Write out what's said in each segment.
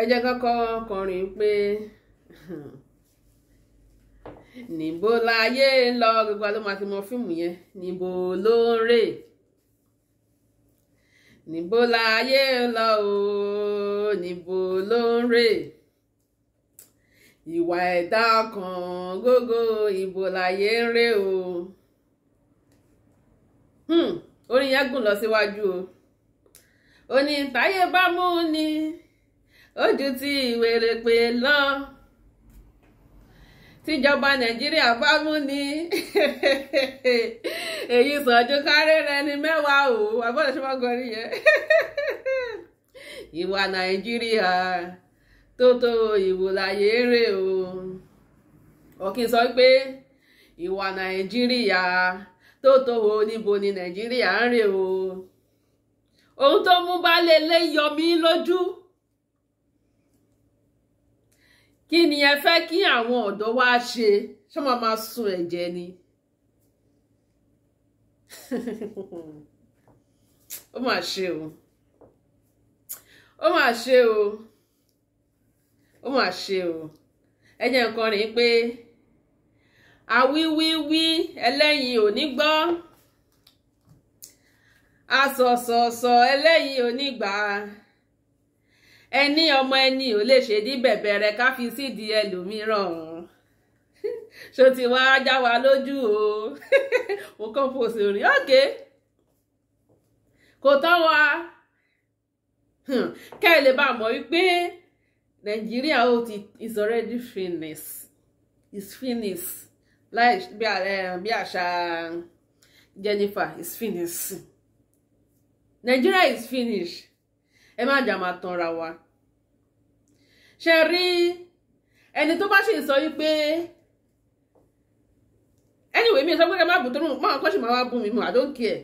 ẹ jẹ́ kọ́kọ́ kọrin pé níbo láyé ń lọ gbogbo àlọ́ máa ti mọ fíìmù yẹn níbo ló ń rè níbo láyé ń lọ ooo níbo ló ń rè ìwà ẹ̀dá ọkàn gógó ìbò láyé ń rè o hmm, orin yẹn gùn lọ síwájú o ó ní táyé bá mú ni. ó ju ti pé lọ tíjọba nàìjíríà bá mú ni èyí sọ̀jú kárẹ́rẹ́ ni mẹ́wàá o àbọ̀dọ̀ ṣe máa gọrí yẹn ìwà nàìjíríà tó tó ìwò láyé rè o ọ̀kìn sọ pé ìwà nàìjíríà tó tó oníbo níbo ni nàìjíríà ń rè o ohun tó mú bá lè ilé yọ mí lójú. kí ni ẹ fẹ́ kí àwọn ọ̀dọ́ wá ṣe ṣé wọ́n máa sun ẹ̀jẹ̀ ni ó mà ṣe o ó mà ṣe o ó mà ṣe o ẹ jẹ́ nǹkan rìn pé àwíwíwí ẹlẹ́yin ò ní gbọ́ asọ̀sọ̀sọ̀ ẹlẹ́yin ò ní gbà á ẹni ọmọ ẹni ò lè ṣe ní bẹ̀bẹ̀ ká fi sídìí ẹlòmíràn ọ̀hún ṣó ti wá já wa lójú o mo kàn fòsì orin òkè kò tán wa hmm. kẹ́ ẹ lè bá mọ̀ wípé nàìjíríà ó ti is already finished is finished láì eh, bí àṣà Jennifer is finished Nigeria is finished ẹ má jà máa tanra wa ṣe rí ẹni tó bá sì ń sọ wípé anyway mi sọ pé ẹ má bù tó máa kọ́ sì máa wá bù mí mu I don't care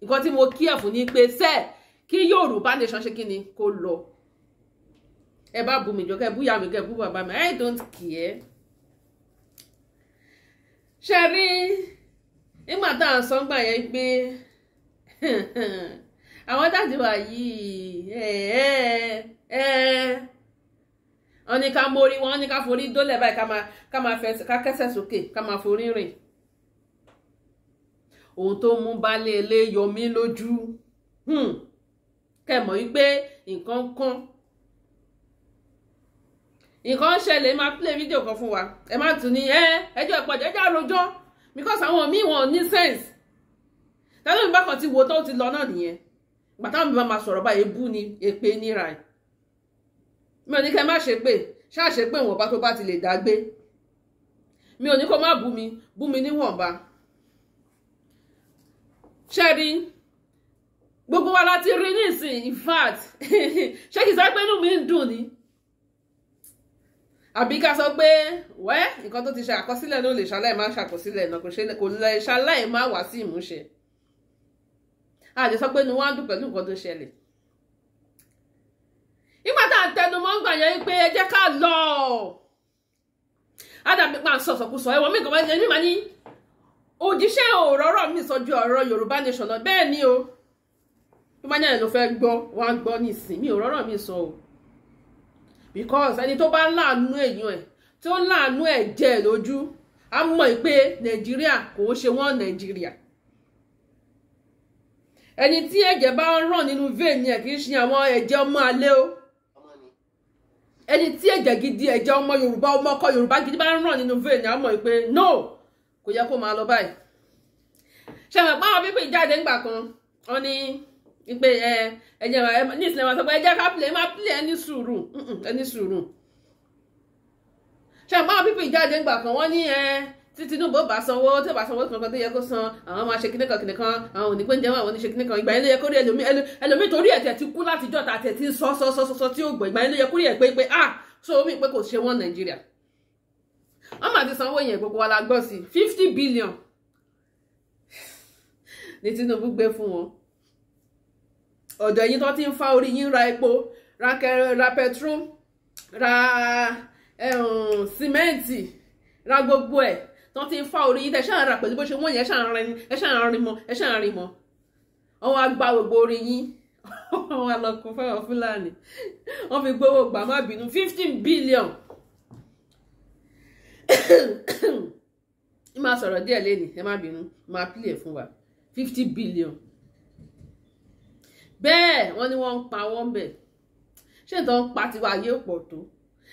nǹkan tí mo kí ẹ̀ fún ni pé sẹ́ kí Yorùbá nation ṣe kí ni kó lọ ẹ bá bù mí jọ kẹ bú ìyá mi kẹ bú bàbá mi I don't care ṣe rí nígbà tá à ń sọ ń gbà yẹn pé àwọn dáàdì wa yìí ẹ ẹ ẹ wọ́n ní ká mórí wọ́n ní ká forí dólẹ̀ báyìí ká máa ká máa fẹ́ ká kẹ́sẹ̀ sókè ká máa forí rìn ohun tó mú baálé ilé yọ mí lójú hmm. kẹ́ mọ̀ wípé nǹkan kan nǹkan ń ṣẹlẹ̀ máa play fídíò kan fún wa ẹ má tún ní ẹ ẹjọ́ ìpọ̀jọ́ ẹjọ́ àròjọ́ because àwọn míì wọn ò ní sense tẹ́lẹ̀ mi bá kan ti wo tó ti lọ náà nìyẹn gbàtàwọn mi bá máa sọ̀rọ̀ báyìí bú ni èpè níra ẹ̀ mi ò ní kẹ́ má ṣe pé ṣáà ṣe pé ìwọ̀nba tó bá ti lè dágbé mi ò ní kó má bú mi bú mi níwọ̀nba ṣe rí gbogbo wa láti rí nísìn in fact ṣé kìí sá pé inú mi ń dùn ni àbí ká sọ pé wẹ́ nǹkan tó ti ṣe àkọsílẹ̀ ló lè ṣaláì má ṣàkọsílẹ̀ náà kò lè ṣaláì má wá sí ìmúṣẹ. àjẹ sọ pé inú wa ń dùn pẹ̀lú nǹkan tó ṣẹlẹ̀ nígbà tá à ń tẹnu mọ́ ń gbà yẹn pé ẹ jẹ́ ká lọ ádàbí pa àǹsọ̀sọ̀kùsọ̀ ẹ̀wọ̀n mi ní òjíṣẹ́ mi sọ ọ̀rọ̀ Yorùbá nation lọ bẹ́ẹ̀ ni o tó bá yẹn ló fẹ́ gbọ́ wá gbọ́ nísìn mi sọ o because ẹni tó bá láàánú èèyàn ẹ̀ tí ẹni tí ẹ̀jẹ̀ bá ń ràn nínú vein yẹn kì í ṣe àwọn ẹ̀jẹ̀ ọmọ alẹ́ o ẹni tí ẹ̀jẹ̀ gidi ẹ̀jẹ̀ ọmọ yorùbá ọmọ ọkọ yorùbá gidi bá ń ràn nínú vein yẹn á mọ̀ pé no kò yẹ kó máa lọ báyìí ṣàmì pàwọn pípé jáde ńgbà kan wọn ní pé ẹ ẹ̀jẹ̀ ní ìsìlẹ̀ wọn sọ pé ẹ jẹ́ ká pilẹ̀ ẹ máa pilẹ̀ ẹni sùúrù ẹni sùúrù ṣàmì pàwọn pípé jáde ńgbà kan wọn ní tí Tinubu bá sanwó tí ó bá sanwó kankan tó yẹ kó san àwọn máa ṣe kíní kan kíní kan àwọn òní pé ń jẹun àwọn oníṣe kíní kan ìgbà yẹn ló yẹ kó rí ẹlòmí ẹlòmí torí ẹ̀tẹ̀ ti kú láti jọ́ta àti ẹ̀tí sọ sọ sọ sọ tí ó gbọ́ ìgbà yẹn ló yẹ kó rí ẹ̀ pé pé ah so omi pé kò ṣe wọ́n Nàìjíríà wọ́n máa ti sanwó yẹn gbogbo wa la gbọ́ sí fifty billion ni Tinubu gbé fún wọn ọ̀dọ̀ yín tó ti ń fa orí yín ra epo ra ra petrol ra sìmẹ́ǹtì eh, ra gbogbo ẹ̀ tán ti ń fa orí yín tẹ ṣáà ra pẹ̀lú bó ṣe wọ́n yẹn ṣáà rin ẹ ṣáà rin mọ ẹ ṣáà rin mọ àwọn àgbà gbogbo orí yín àwọn àlọkùn fáwọn fúlàní wọ́n fi gbowó gbà má bínú fifteen billion ní máa sọ̀rọ̀ díẹ̀ lẹ́nu ẹ má bínú máa pílẹ̀ fún wa fifty billion bẹ́ẹ̀ wọ́n ní wọ́n ń pa wọ́n bẹ̀ ṣé ìtàn pa tiwa yé pọ̀ tó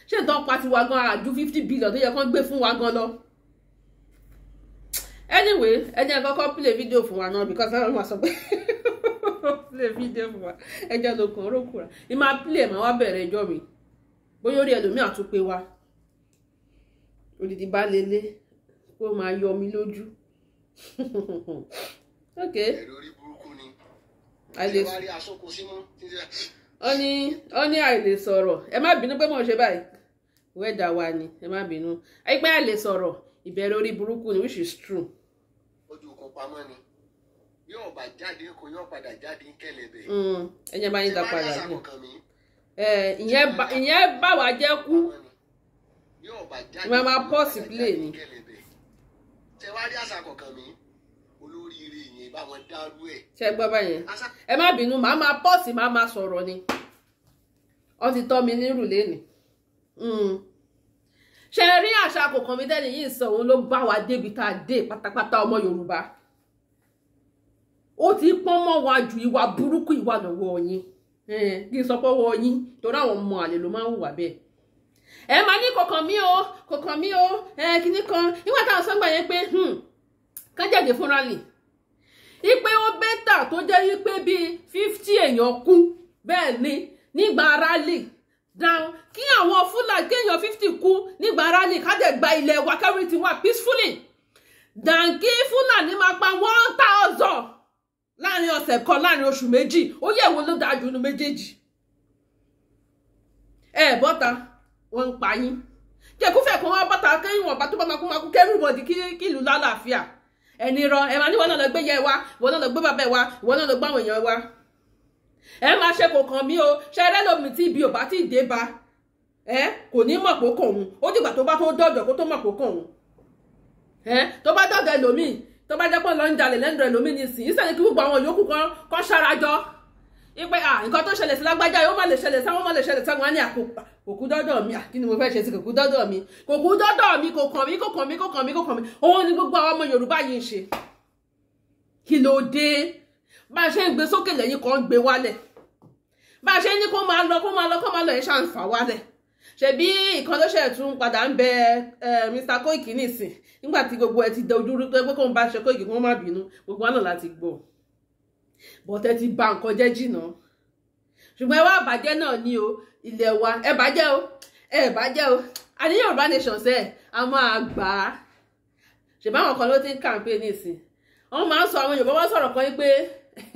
ṣé ìtàn pa tiwa gan àjú fifty billion tó yẹ kán gbé fún wa gan lọ anyway ẹni ẹ kọ́kọ́ play video fún wa náà because ẹni wọ́n sọ pé play video fún wa ẹjọ́ ló kàn orókù rà ẹ máa play màá wá bẹ̀rẹ̀ ẹjọ́ mi bóyá orí ẹlòmíà tún pé wa odidi bá lélẹ̀ kó máa yọ mi lójú ok. ẹ̀rọ orí burúkú ni ṣé wàá rí aṣọ kò sí mọ́ ó ní ó ní àìlè sọ̀rọ̀ ẹ má bínú pé mò ń ṣe báyìí wẹ́dà wa ni ẹ má bínú ẹ pé àìlè sọ̀rọ̀ ìbẹ̀rẹ̀ orí burúkú ni which is true. pamọ́ ni yóò jáde kó padà jáde kẹlẹbẹ. Mm. bá yín ìyẹn bá kú máa sí ni. ṣe gbọ́ báyẹn ẹ má bínú màá máa pọ̀ sí màá máa sọ̀rọ̀ ni ọmọ Yorùbá. ó ti pọ́n mọ́ wa ju ìwà burúkú ìwà lọ́wọ́ yín kí n sọ pé ọwọ́ yín torí àwọn ọmọ àlè ló máa ń hùwà bẹ́ẹ̀ ẹ máa ní kọkàn mí o kọkàn mí o ẹ kìíní kan nígbà táwọn sọgbà yẹn pé hmm, kájàde fúnra lè ipe ó bẹ́tà tó jẹ́ wípé bíi fifty èèyàn kú bẹ́ẹ̀ ni nígbà rálì down kí àwọn fúlàní kéèyàn fifty kú nígbà rálì kájẹ̀ gba ilẹ̀ wa kẹ́rì tiwa peacefully dàn kí fúlàní máa pa one thousand láàrin ọ̀sẹ̀ kan láàrin oṣù méjì ó yẹ wo ló dáa jù méjèèjì ẹ bọ́ta wọ́n ń pa yín jẹ̀kúfẹ̀ kan wá bọ́ta kẹ́yìn wọ̀n tó bá kẹ́rù lálàáfíà ẹni rọ ẹ máa ní wọn náà gbé yẹ wa wọn náà gbé bàbá ẹ wa wọn náà lọ gbé àwọn o ṣe eré lómi tí ibi ò bá ẹ kò ní tó bá jẹ́ pé lọ́n jalè lẹ́nu rẹ̀ lómi ní ìsìn ìsẹ̀lẹ̀ kí gbogbo àwọn yòókù kan kọ́ ṣarajọ́ ipe à nǹkan tó ṣẹlẹ̀ sí lágbájá yóò má lè ṣẹlẹ̀ sáwọn má lè ṣẹlẹ̀ sáwọn á ní àkópa kòkú dọ́dọ̀ mi à kí ni mo fẹ́ ṣe sí kòkú dọ́dọ̀ mi kòkú dọ́dọ̀ mi kò kàn mí kò kàn mí kò kàn mí kò kàn mí òun ni gbogbo àwọn ọmọ Yorùbá yìí ń ṣe kí ló dé bá a ṣe ń gbé sókè lẹ́yìn kan ń gbé wálẹ̀ bá a ṣe ní kó máa lọ kó máa lọ kó máa lọ yẹn ṣàǹfà wálẹ̀ ṣebí ìkan ló ṣẹ̀ tún padà ń bẹ Mr. Koiki nísìn nígbà tí gbogbo ẹ ti da ojú rúgbẹ pé kóun bá ṣe kó ìgbé kó má bínú gbogbo àná láti gbọ́ bọtẹ ti ba nǹkan jẹ́ jìnnà ṣùgbọ́n ẹ wá àbàjẹ́ náà ni o ilẹ̀ wa ẹ bàjẹ́ o ẹ bàjẹ́ o àní Yorùbá nation sẹ a máa gbà á ṣèbáwọn kan ló ti ń kàǹpé nísìn wọn máa ń sọ àwọn Yorùbá wọn sọ̀rọ̀ kan pé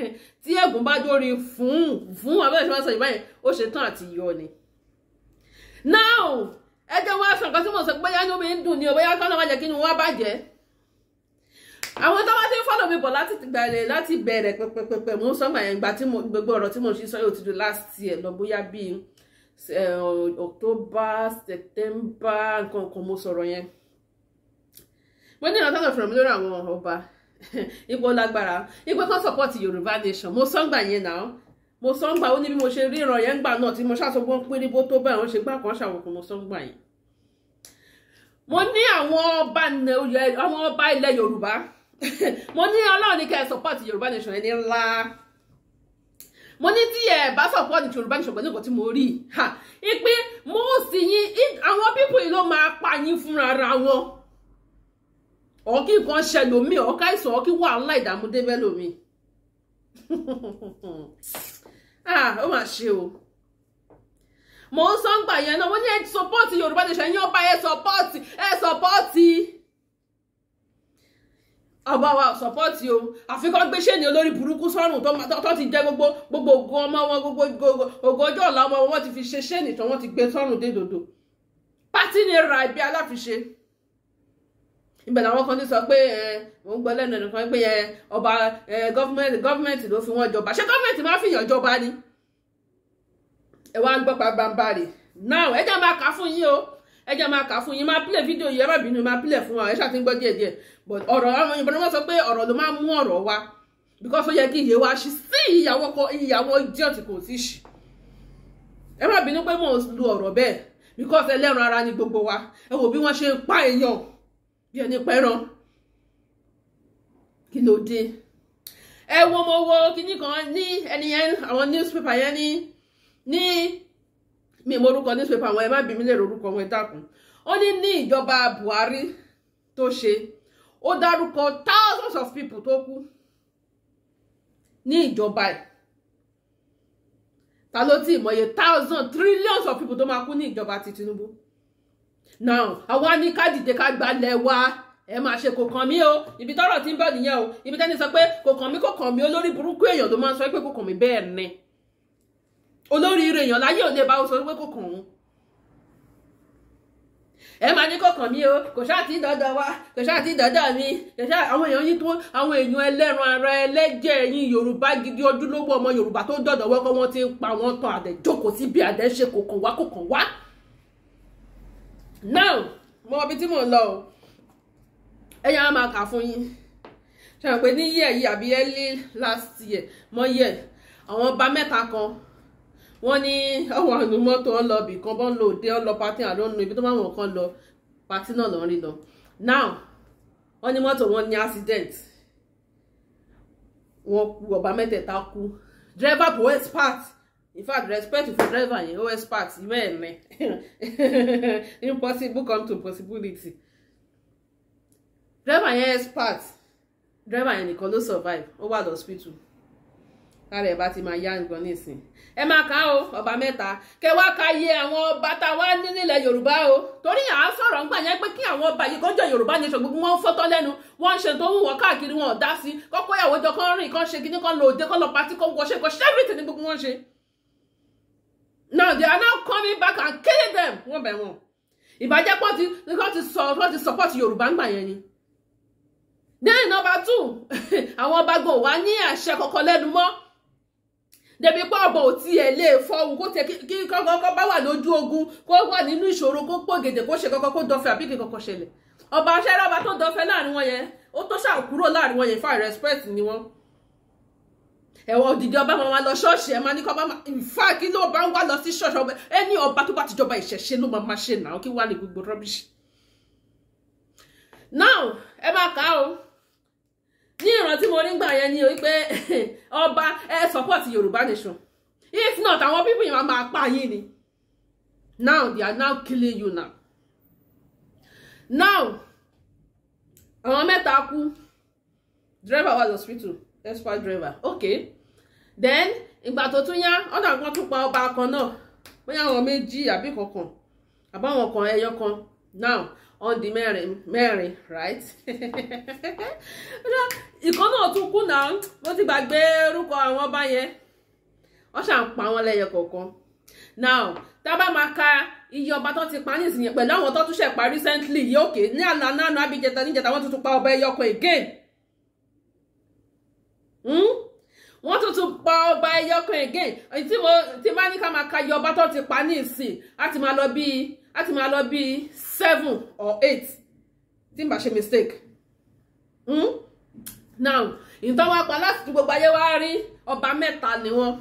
tí ẹ̀gún bá dórí fún fún abẹ́rẹ́ tí wọ́n sọ Yorùbá yẹn ó ṣe tán àti yọ ni now ẹ jẹ́ wá sàn kan tí mo sọ bóyá inú mi ń dùn ni o bóyá kọ́nà wájà kí ni wọ́n bá jẹ́ àwọn tó wá ti ń fọ́lọ̀ mi bọ̀ láti gbàlẹ̀ láti bẹ̀rẹ̀ pẹ̀pẹ̀pẹ̀ mo sọ gbà yẹn gbà tí mo gbogbo ọ̀rọ̀ tí mo ṣe sọ yóò ti di last year lọ bóyá bíi October September nǹkan kan mo sọ̀rọ̀ yẹn mo ní ìrántí ọ̀fìnrán mi lórí àwọn ọba ipò lágbára ipò kan support Yorùbá nation mo sọ gbà yẹn náà mo sọ ń gbà ó ní mo ṣe rí ìran yẹn ń gbà náà tí mo ṣàṣọgbọ́n pé níbo tó bẹ́ẹ̀ wọ́n ṣe gbà kan ṣàwòkù mo sọ ń gbà yẹn. mo ní àwọn ọba àwọn ọba ilẹ̀ Yorùbá mo ní Ọlọ́run ní kẹ́ ẹ support Yorùbá nation ẹni ńlá mo ní tí ẹ bá support Yorùbá nation pẹ̀lú nǹkan tí mo rí i pé mo sì yín àwọn pípọ̀ yìí ló máa pa yín fúnra ra wọn ọ̀kí nǹkan ṣẹlòmíì ọ̀ká ìsọ̀ ọ̀kí wàhálà ìdààmú débẹ́ lómi. Ah, ó mà ṣe o mò ń sọ ń gbà yẹn náà wọ́n ní ẹ sọpọ́ọ̀tì Yorùbá Nation yín ọba ẹ sọpọ́ọ̀tì ẹ sọpọ́ọ̀tì ọba wa sọpọ́ọ̀tì o àfikọ́ gbé ṣéènì olórí burúkú sọ́rùn tó ti jẹ́ gbogbo gbogbo ogun ọmọ wọn gbogbo ogun ọjọ́ ọ̀la ọmọ wọn ti fi ṣe ṣéènì tó wọ́n ti gbé sọ́rùn dé dòdò pátí ni ra ibi aláfiṣe. ibẹ̀ làwọn kan ti sọ pé ẹ mò ń gbọ́ lẹ́nu ẹnìkan pé ẹ ọba ẹ gọ́fìmẹ̀ntì ló fi wọ́n jọba ṣé gọ́fìmẹ̀ntì máa fi yàn bá ni ẹ wá ń gbọ́ pa bambari now ẹ jẹ́ máa kà fún yín o ẹ jẹ́ máa kà fún yín máa pílẹ̀ fídíò yìí ẹ má máa pílẹ̀ fún wa ẹ díẹ̀ díẹ̀ but ọ̀rọ̀ àwọn ìbọn sọ pé ọ̀rọ̀ ló máa mú ọ̀rọ̀ wa because bí ẹni pẹ́ràn kí ló dé ẹ wo mo wo kinní kan ní ẹni yẹn àwọn newspaper yẹn ní ní mi mo orúkọ newspaper àwọn ẹ má bí mi lè rorúkọ wọn dákun ó ní ní ìjọba Buhari tó ṣe ó dárúkọ thousands of people tó kú ní ìjọba ẹ̀ ta ló ti mọye thousand trillions of people tó máa kú ní ìjọba ti Tinubu now àwa ní ká dìde ká gbalẹ̀ wa ẹ máa ṣe kò kàn mí o ibi tọ́rọ̀ ti ń bọ̀ nìyẹn o ibi tẹ́ni sọ pé kò kàn mí kò kàn mí olórí burúkú èèyàn ló máa ń sọ pé kò kàn mí bẹ́ẹ̀ ni olórí ire èèyàn láyé ò lè bá o sọ pé kò kàn òun ẹ máa ní kò kàn mí o kò ṣáà tí dọ́dọ̀ wa kò ṣáà tí dọ́dọ̀ mi kò ṣáà àwọn èèyàn yín tó àwọn èèyàn ẹlẹ́ran ara ẹlẹ́jẹ̀ yín yorùbá gidi ojúlówó ọmọ yorùbá tó dọ̀dọ̀ wọ́kọ́ wọ́n ti ń pa wọ́n tán àdẹ̀jókòó síbi àdẹ̀ṣe kò kàn wá kò kàn wá now mo ibi tí mò ń lọ o ẹ̀yà á máa kà fún yín ṣàǹ pé ní year. yìí àbí early last year mọ yẹ àwọn ọba mẹ́ta kan wọ́n ní ọ̀wọ́n on mọ́tò ọlọ́ọ̀bì kan bọ́n lò dé ọlọ́ pati àdónú ibi tó máa wọ̀n kan lọ party náà lọ́ọ́ rí lọ now wọ́n ní mọ́tò wọn ní accident wọ́n ku ọba mẹ́tẹ̀ẹ̀ta kú driver poet part in fact respect for driver yẹn ó expert bẹ́ẹ̀ ni impossible come to possibility driver yẹn expert driver yẹn nìkan ló survive over the lọ́spítù lára ẹ̀ bá ti máa yá nǹkan nísìn ẹ máa kà á o ọba mẹ́ta kẹ wá ka iye àwọn ọba tá a wá ní nílẹ̀ yorùbá o torí à sọ̀rọ̀ ń gbà yẹn pé kí àwọn ọba yìí kọjọ yorùbá nation gbogbo wọn ń fọ́tọ́ lẹ́nu wọn ń ṣe tó wù wọ́n káàkiri wọn ò dá sí kọ́kọ́ ìyàwó jọ kán rìn kán ṣe kíní kán lò òde kán lọ patí kán wọṣẹ́ kán ṣẹ́rìtì ní gbogbo wọn ṣe now they are now coming back and killing them one by one ìbàjẹ́ pọ̀ ti nǹkan ti sọ wọ́n ti support your bank yẹn ni then number two àwọn ọba gan wà ní àṣẹ kọ̀ọ̀kan lẹ́nu mọ́ débi pé ọ̀bọ̀ ò tiẹ̀ lè fọhùn kó tẹ kí kọ́kọ́ bá wà lójú ogun kó wà nínú ìṣòro kó pò gèdè kó ṣe kọ́kọ́ kó dọ̀fẹ́ àbí kí kọ́kọ́ ṣẹlẹ̀ ọba aṣẹ́rẹ́ ọba tó dọ̀fẹ́ láàrin wọn yẹn ó tó ṣàkúrò láàrin wọn yẹn fà respect ni wọn. ẹ̀wọ̀n òdìdí ọba máa lọ ṣọ́ọ̀ṣì ẹ̀ máa ní kọ́ máa lọ sí ọba ẹni ọba tó bá ti jọba ló máa ma ṣe kí gbogbo now ẹ máa kà o ní tí mo rí gbà yẹn ni ọba ẹ support yorùbá nation if not àwọn people yìí máa ma pa yín ni now they are now killing you now now àwọn then ìgbà tó tún yá ọ̀dà kan tún pa ọba kan náà bóyá àwọn méjì àbí kankan àbáwọn kan ẹyọ kan now on di mẹ́rin mẹ́rin right ìkan náà tún kú náà mo ti gbàgbé orúkọ àwọn ọba yẹn wọ́n ń pa wọn lẹ́yọ kọ̀ọ̀kan now tá a bá máa ka iye ọba tó ti pa nísìnyẹn pẹ̀lú àwọn tó tún ṣẹ̀ pa recently yìí òkè ní àná náà wọ́n hmm? tún pa ọba ẹyọ kan again tí mo ti máa ní ká máa ka yọ ọba tó ti pa ní ìsìn á ti máa lọ bíi á ti máa lọ bíi seven or eight tí n bá ṣe mistake. Mm? now ìtàn wa pa láti gbogbo ayé wa rí ọba mẹ́ta ni wọ́n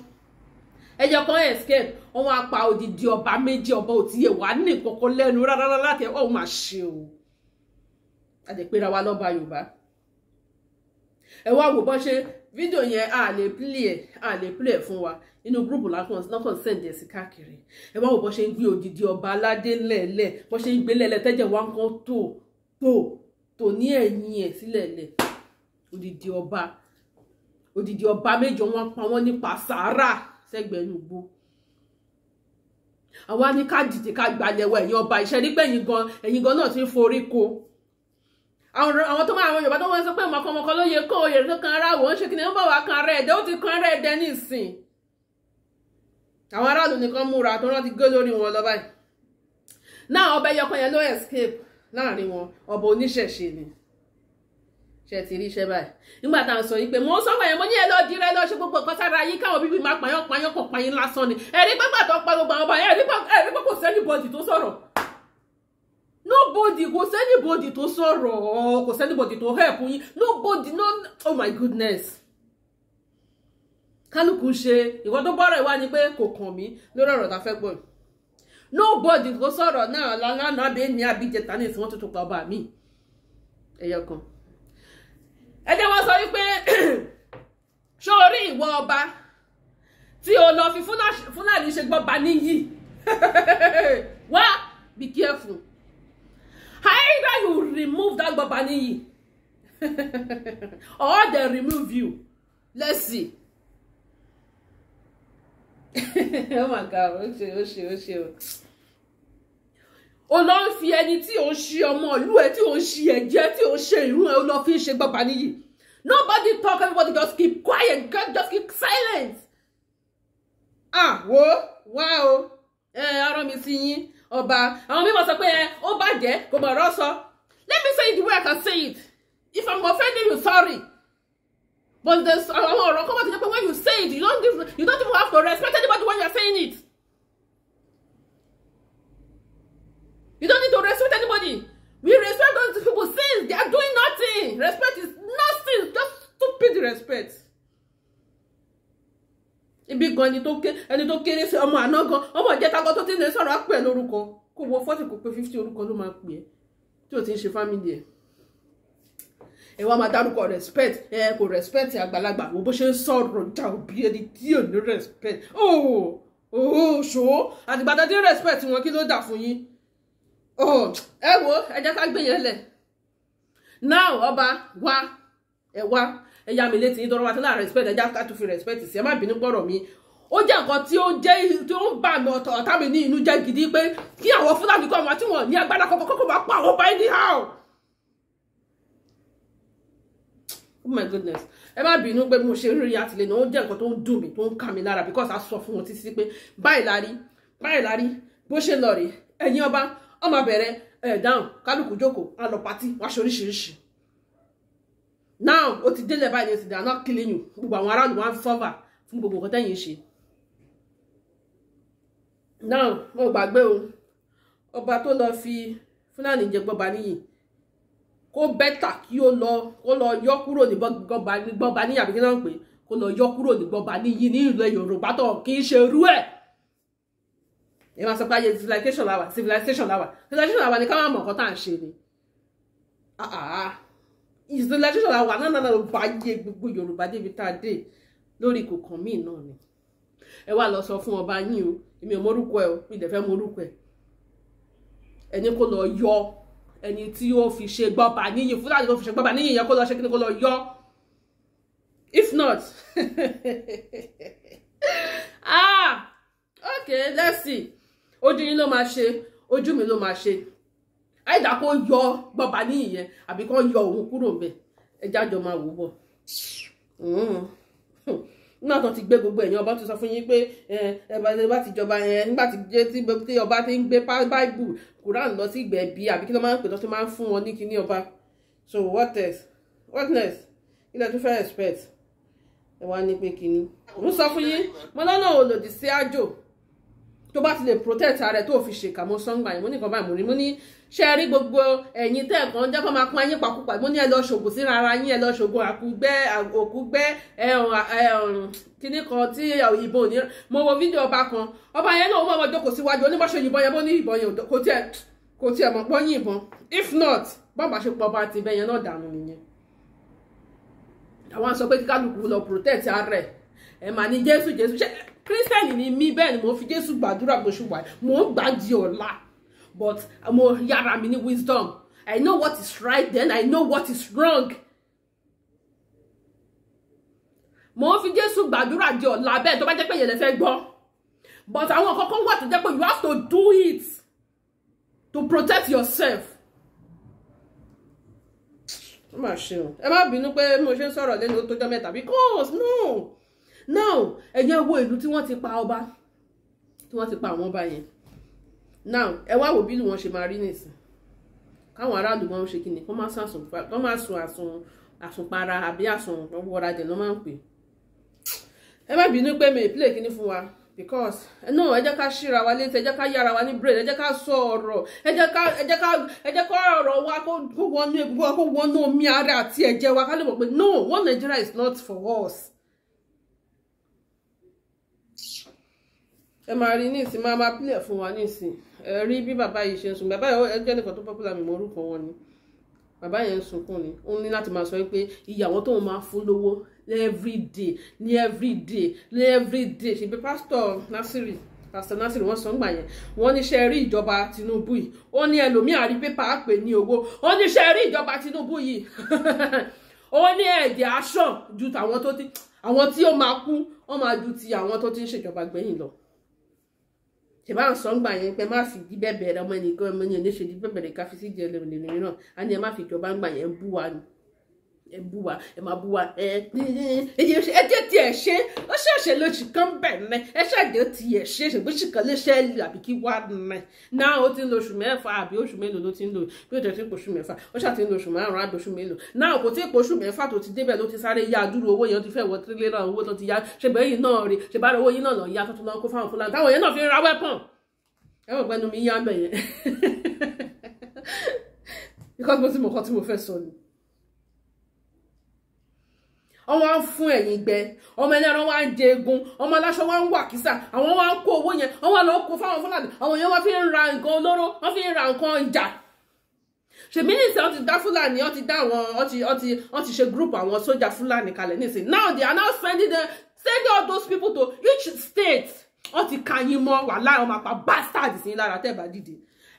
ẹyọ kan escape wọn wá pa odidi ọba méjì ọba òtíye wà ní ìkọ̀kọ̀ lẹ́nu rárá láti ẹ̀ ọ́ máa ṣe o àdèpéra wa lọ́ba yorùbá ẹ wá wò bọ́ ṣe fídíò yẹn a lè play ẹ̀ a lè play ẹ̀ fún wa inú gúrùpù lọ́kàn sẹ́ǹdì ẹ̀sìn káàkiri ẹ bá wò bó ṣe ń gbé òdìdí ọba aládé lẹ̀lẹ̀ bó ṣe ń gbé lẹ̀lẹ̀ tẹ́jẹ̀ wá nǹkan tó tó tó ní ẹ̀yìn ẹ̀ sílẹ̀ lẹ̀ òdìdí ọba òdìdí ọba mẹ́jọ wọn pa wọn nípa sàárà sẹ́gbẹ̀ẹ́ nùgbò àwa ní ká dìde ká gbalẹ̀ wọ ẹ̀yìn ọba ìṣẹ́rígbẹ̀yìn gan ẹ̀yìn gan náà ti ń forí ko àwọn tó máa àwọn yorùbá tó wọ́n sọ pé ọmọkọ ọmọkọ ló yẹ kó oyè tó kan ara wò ń ṣe kí ni wọ́n bọ̀ wá kan ara ẹ̀dẹ́ ó ti kan ara ẹ̀dẹ́ ní ìsìn àwọn aráàlú nìkan múra tó rántí gé lórí wọn lọ báyìí náà ọba ẹyọkan yẹn ló escape láàrin wọn ọba oníṣẹ̀ṣe ni ṣe ti rí iṣẹ́ báyìí nígbà tá à ń sọ yìí pé mo sọ́kọ̀ yẹn mo ní ẹ lọ dirẹ́ lọ ṣe gbogbo nǹkan sára yìí káwọn bíbí máa pààyàn pààyàn kò pààyàn lásán ni ẹ̀rí pẹ́pàtọ́ pa gbogbo àwọn ọba yẹn ẹ̀rí pẹ́pàtọ́ sẹ́ni bọ́ọ̀dì tó sọ̀rọ̀ nobody kò sẹ́nibody tó sọ̀rọ̀ kò anybody tó help yín nobody no oh my goodness kálukú ṣe ìwọ tó bọ́rọ̀ ìwá ni pé kò kàn mí lórí ọ̀rọ̀ tá a fẹ́ gbọ́ nobody kò sọ̀rọ̀ náà lánàá abẹ́ ní abíjẹta ní ìsìn wọ́n tuntun pa ọba mi ẹ̀yọ kan ẹ jẹ́ wọ́n sọ wípé sórí ìwọ ọba tí o lọ fi fúlàní ṣe gbọ́ba níyì wá be careful either you remove that Gbagba or they remove you let's see oh my god ó ṣe ó ṣe ó ṣe o o lọ fi ẹni tí o ń ṣe ọmọ ìlú ẹ tí o ń ṣe ẹ̀jẹ̀ tí o ń ṣe ìrún ẹ o lọ fi ṣe Gbagba nobody talk everybody just keep quiet just keep silent ah wo wá o ẹ arán mi sí yín ọba àwọn mímọ sọ pé ó bàjẹ́ kò mọ̀ ọ̀rọ̀ sọ let me say it the way I can say it if I'm offending you sorry but there's àwọn ọ̀rọ̀ kọ́mọ̀ tó jẹ́ pé when you say it you don't even you don't even have to respect anybody when you are saying it you don't need to respect anybody we respect those people since they are doing nothing respect is nothing just stupid respect ibi gan ẹni tó kéré sí ọmọ àná gan ọmọ ìjẹta kan tó ti ń lè sọ̀rọ̀ á pè lórúkọ kò wọ fọ́tì kò pé fífítì orúkọ ló máa pè é tí ò ti ń ṣe fámìlì ẹ̀ ẹ wá máa dárúkọ respect ẹ kò respect àgbàlagbà wo bó ṣe ń sọ̀rọ̀ jà òbí ẹni tí ò ní respect oh oh ṣó àtìgbàdá dín respect wọn kí ló dà fún yín ẹ wo ẹ jẹ́ ká gbé yẹn now ọba wa ẹ wá ẹ̀yà mi létí yín wa tí náà respect ẹ̀já ká tún fi respect sí ẹ má bínú gbọ́rọ̀ mi ó jẹ́ nǹkan tí ó jẹ́ tí ó ń bà mí ọ̀tá mi ní inú jẹ́ gidi pé kí àwọn fúlàní kọ́ àwọn tí wọ́n ní agbára kọ́kọ́ kọ́kọ́ máa pa àwọn báyìí ní how. oh my goodness ẹ má bínú pé mo ṣe rí àtìlẹ́yìn náà ó jẹ́ nǹkan tó ń dùn mí tó ń kà mí lára because a sọ fún wọn títí pé báyìí la rí báyìí la rí bó ṣe lọ rè ẹ̀yin ọba ọmọ bẹ̀rẹ̀ ẹ̀ dáhùn kálukú jókòó á lọ patí wá oríṣiríṣi now o ti level, báyìí they are not killing you. gbogbo àwọn around one server, fọ́fà fún gbogbo nǹkan tẹ́yìn ṣe now mo gbàgbé o ọba tó lọ fi fúlàní jẹ gbọba níyì kó bẹ́tà kí ó lọ kó lọ yọ kúrò ní gbọba níyì àbí kí náà pé kó lọ yọ kúrò ní gbọba níyì ní ìlú Yorùbá tó kì í ṣe irú ẹ̀ ẹ máa sọ pé ayé civilization làwà civilization làwà civilization làwà ni ká máa mọ̀ nǹkan tá à ń ṣe ni. ah, ah. ah isolation la wà náà náà bá yé gbogbo yorùbá débi tá a dé lórí kòkàn míì náà ni ẹ wá lọ sọ fún ọba yín o èmi ò mọrúkọ ẹ o mi dẹ̀ fẹ́ mọrúkọ ẹ ẹni kò lọ yọ ẹni tí ó fi ṣe gbọba níyì fúlàní tó fi ṣe gbọba níyì yẹn kó lọ ṣe kí ni kó lọ yọ if not ah okay let's see ojú yín ló máa ṣe ojú mi ló máa ṣe àìdá kó yọ gbọba níyì yẹn àbí kó yọ òun kúrò ń bẹ ẹjá jọ máa wò bọ̀ nígbà tó ti gbé gbogbo ẹ̀yin ọba tó sọ fún yín pé ẹ̀ẹ́dẹ́gbà ti jọba yẹn nígbà tí ọba ti ń gbé báìbù Quran lọ sí ìgbẹ̀bí àbí kí ló máa ń pè tó tó máa ń fún wọn ní kíní ọba so what else what next kí lẹ tún fẹ́ expect ẹ wá ní pé kíní mo sọ fún yín mo lọ́nà òlòdì sí àjò tó bá ti lè protect ara ẹ tó fi ṣèkà mo sọ ń gbà yín mo ní nǹkan báyìí mo rí mo ní ṣe rí gbogbo ẹ̀yin tẹ́ ẹ̀kan jẹ́ kó máa pọ́n ayé pàkúpà mo ní ẹ lọ ṣògùn síra ara yín ẹ lọ ṣògùn àkúgbẹ́ òkúgbẹ́ kíní kan tí ìbò ní mo wo fídíò ọba kan ọba yẹn náà ó mọ̀ ọjọ́ kò síwájú oníbọ̀ṣọ ìbọn yẹn bó ní ìbọn yẹn kò tiẹ̀ mọ̀ pọ́n yín ìbọn if not bọ́ọ̀bà ṣe pọ̀ ọba àti ibẹ̀ yẹn náà dànù nìyẹn àwọn sọ pé kíkálukú lọ protect ara ẹ̀ ẹ̀ mà ní Jésù Jésù ṣe kírísítẹ́nì ni mí bẹ́ẹ̀ ni mo fi jésù gbàdúrà bó ṣe wà mo gbàdí ọ̀la but mo yára mi ní wisdom i know what is right then i know what is wrong mo fi jésù gbàdúrà di ọ̀la bẹ́ẹ̀ tó bá jẹ́ pé yẹn lè fẹ́ gbọ́ but àwọn kọ̀ọ̀kan wà tó jẹ́ pé you have to do it to protect yourself má ṣe o ẹ má bínú pé mo ṣe ń sọ̀rọ̀ lẹ́nu tó jọ mẹ́ta because no now ẹ̀yẹ́ wo ìlú tí wọ́n ti pa ọba tí wọ́n ti pa àwọn ọba yẹn now ẹ wá wò bí ìlú wọn ṣe máa rí nìsín káwọn aráàlú wọn ṣe kíni kọ́ máa sùn àsùn àsùnpara àbí àsùn wọra jẹ ló máa ń pè ẹ má bínú pé mi ìpìlẹ̀ kíní fún wa because no ẹ jẹ́ ká ṣíra wa létí ẹ jẹ́ ká yára wa ní brain ẹ jẹ́ ká sọ ọ̀rọ̀ ẹ jẹ́ ká ẹ jẹ́ ká ẹ jẹ́ ká ọ̀rọ̀ wa kó wọnú egungun wa kó wọnú omi ara àti ẹ̀jẹ̀ wa ká lè mọ̀ pé no one Nigeria is not for us ẹ máa rí nísìn máa máa pílẹ̀ fún wa nísìn ẹ rí bí bàbá yìí ṣe ń sùn bàbá yìí ẹ jẹ́ nìkan tó popular mi mọ orúkọ wọn ni bàbá yẹn ń sunkún ni ó ní láti máa sọ pé ìyàwó tóun máa fún lówó everyday ní everyday ní everyday ṣèbí pásítọ̀ Nasiri pásítọ̀ Nasiri wọ́n sọ ń gbà yẹn wọ́n níṣẹ́ rí ìjọba Tinubu yìí ó ní ẹlòmíà rí pépà á pè ní owó ó níṣẹ́ rí ìjọba Tinubu yìí ó ní ẹ̀jẹ̀ aṣọ ju tàwọn tó ti àwọn tí ó máa kú wọ́n máa ju ti àwọn tó ti ń ṣèjọba gbẹ̀yìn lọ ṣèbá àwọn sọ́ngbà yẹn pé má sì di bẹ́ẹ̀ bẹ̀rẹ̀ ọmọ ẹnìkan ọmọ ẹnìyàn léṣe di bẹ́ẹ̀ bẹ̀rẹ̀ káfíńsì jẹ́ lẹ́nu lẹ́nu mìíràn á ní ẹ má fi ìjọba ń gbà yẹn bú wa ni ẹ bú wa ẹ máa bú wa ẹ ẹ ẹ jẹ́ tí ẹ ṣe ó ṣẹ̀ṣẹ̀ lóṣù kan bẹ̀ mẹ́ ẹ ṣàjẹ́ tí ẹ ṣe ṣègbésì kan lè ṣe é àbí kí wá mẹ́ náà ó ti ń lo oṣù mẹ́fà àbí oṣù mélòó ló ti ń lo bí ó jẹ́ tí ń poṣù mẹ́fà ó ṣàti ń lo oṣù márùn-ún àbí oṣù mélòó náà kò tí ì poṣù mẹ́fà tó ti débẹ̀ ló ti sáré ya dúró owó yẹn ó ti fẹ́ wọ tírílẹ̀ owó tó ti ya ṣèbẹ̀ yìí náà rè ṣèbá owó yìí náà lọ ya tó tún lọ kó fáwọn fúlàní táwọn yẹn náà fi ń ra wẹ́pọ̀n ẹ̀wọ̀n pẹ́nu mi yá mẹ́yẹn because mo ti wọ́n wá ń fún ẹ̀yìn gbẹ ọmọ ẹlẹ́ran wá ń jẹ egun ọmọ aláṣọ wá ń wà kísà àwọn wá ń kó owó yẹn wọ́n wá lọ́ọ́ kó fáwọn fúlàní àwọn èèyàn wá fi ń ra nǹkan olóró wọ́n fi ń ra nǹkan ìjà ṣèbí nísìnyí wọ́n ti dá fúlàní wọ́n ti dá àwọn wọ́n ti wọ́n ti wọ́n ti ṣe group àwọn sójà fúlàní kalẹ̀ nísìnyí now they are now sending them sending all those people to each state wọ́n ti ka yín mọ́ wà láàrin ọmọ àpá bastards sí lára tẹ́ bá dìde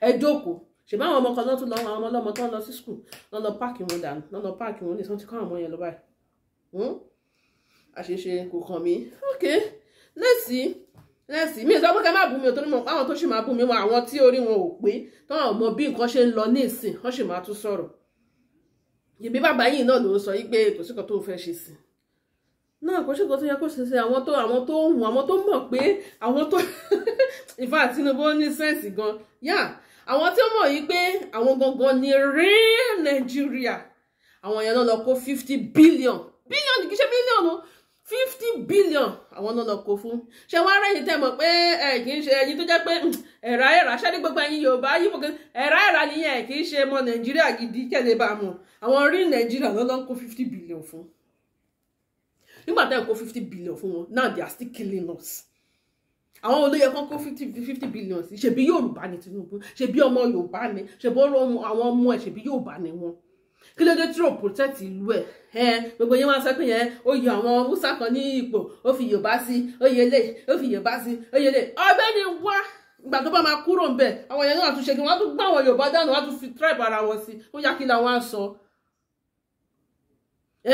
ẹ jókòó ṣèbí àwọn ọmọ kan náà tún lọ àwọn ọmọ ọlọ́mọ tó ń lọ sí school lọ́nà páàkì wọn dànù lọ́nà páàkì wọn nìsọ́n ti kọ́ àwọn ọmọ yẹn lọ báyìí Hmm? àṣeṣe kò kàn mí ok lẹ́sì lẹ́sì mi sọ pé ká má bú mi torí mo àwọn tó ṣì máa bú mi wọn àwọn tí orí wọn ò pé táwọn ọmọ bí nǹkan ṣe ń lọ ní ìsìn wọn ṣì máa tún sọ̀rọ̀ ìbí bàbá yìí náà ló ń sọ yìí pé kò sí kan tó ń fẹ́ ṣe sí i náà kò ṣèkò tó yẹ kó ṣẹṣẹ àwọn tó àwọn tó ń hùn àwọn tó mọ̀ pé àwọn tó ìfà Tinubu ní sẹ́ǹsì gan yá àwọn tí ó mọ̀ yìí pé àwọn gangan ni real Nigeria àwọn yẹn náà lọ kó fifty billion bílíọ̀nù kì í ṣe bílíọ̀nù fifty billion àwọn náà lọ kó fún ṣé wọn ará ẹ̀yin tẹ́ mọ̀ pé ẹ kì í ṣe ẹ̀yin tó jẹ́ pé hmm, ẹ̀rá ẹ̀rá ṣáde gbogbo ẹ̀yin yorùbá yíbo kan ẹ̀rá ẹ̀rá nìyẹn ẹ kì í ṣe mọ nàìjíríà gidi kẹlẹ́ bá mọ̀ àwọn rí nàìjíríà ló lọ kó fifty billion fún nígbà tá ẹ kó fifty billion fún wọn now they are still killing us àwọn olóyè kan kó fifty fifty billion sí ṣebí yorùbá ni tinubu ṣebí ọmọ yorùbá ni ṣebí àwọn ọmọ ẹ ṣebí yorùbá ni wọn kí ló dé tí ò protect ìlú ẹ̀ ẹ gbogbo yẹn wá sọ pé yẹn ó àwọn húsá kan ní ipò ó fi yorùbá sí ó yẹ ó fi yorùbá sí ó yẹ lé ọ̀gbẹ́ni wá ìgbà tó bá máa kúrò ńbẹ̀ àwọn yẹn náà tún ṣe kí wọn tún gbà wọn yorùbá dànù wọn tún fi tribe ara wọn sí ó yá kí làwọn á sọ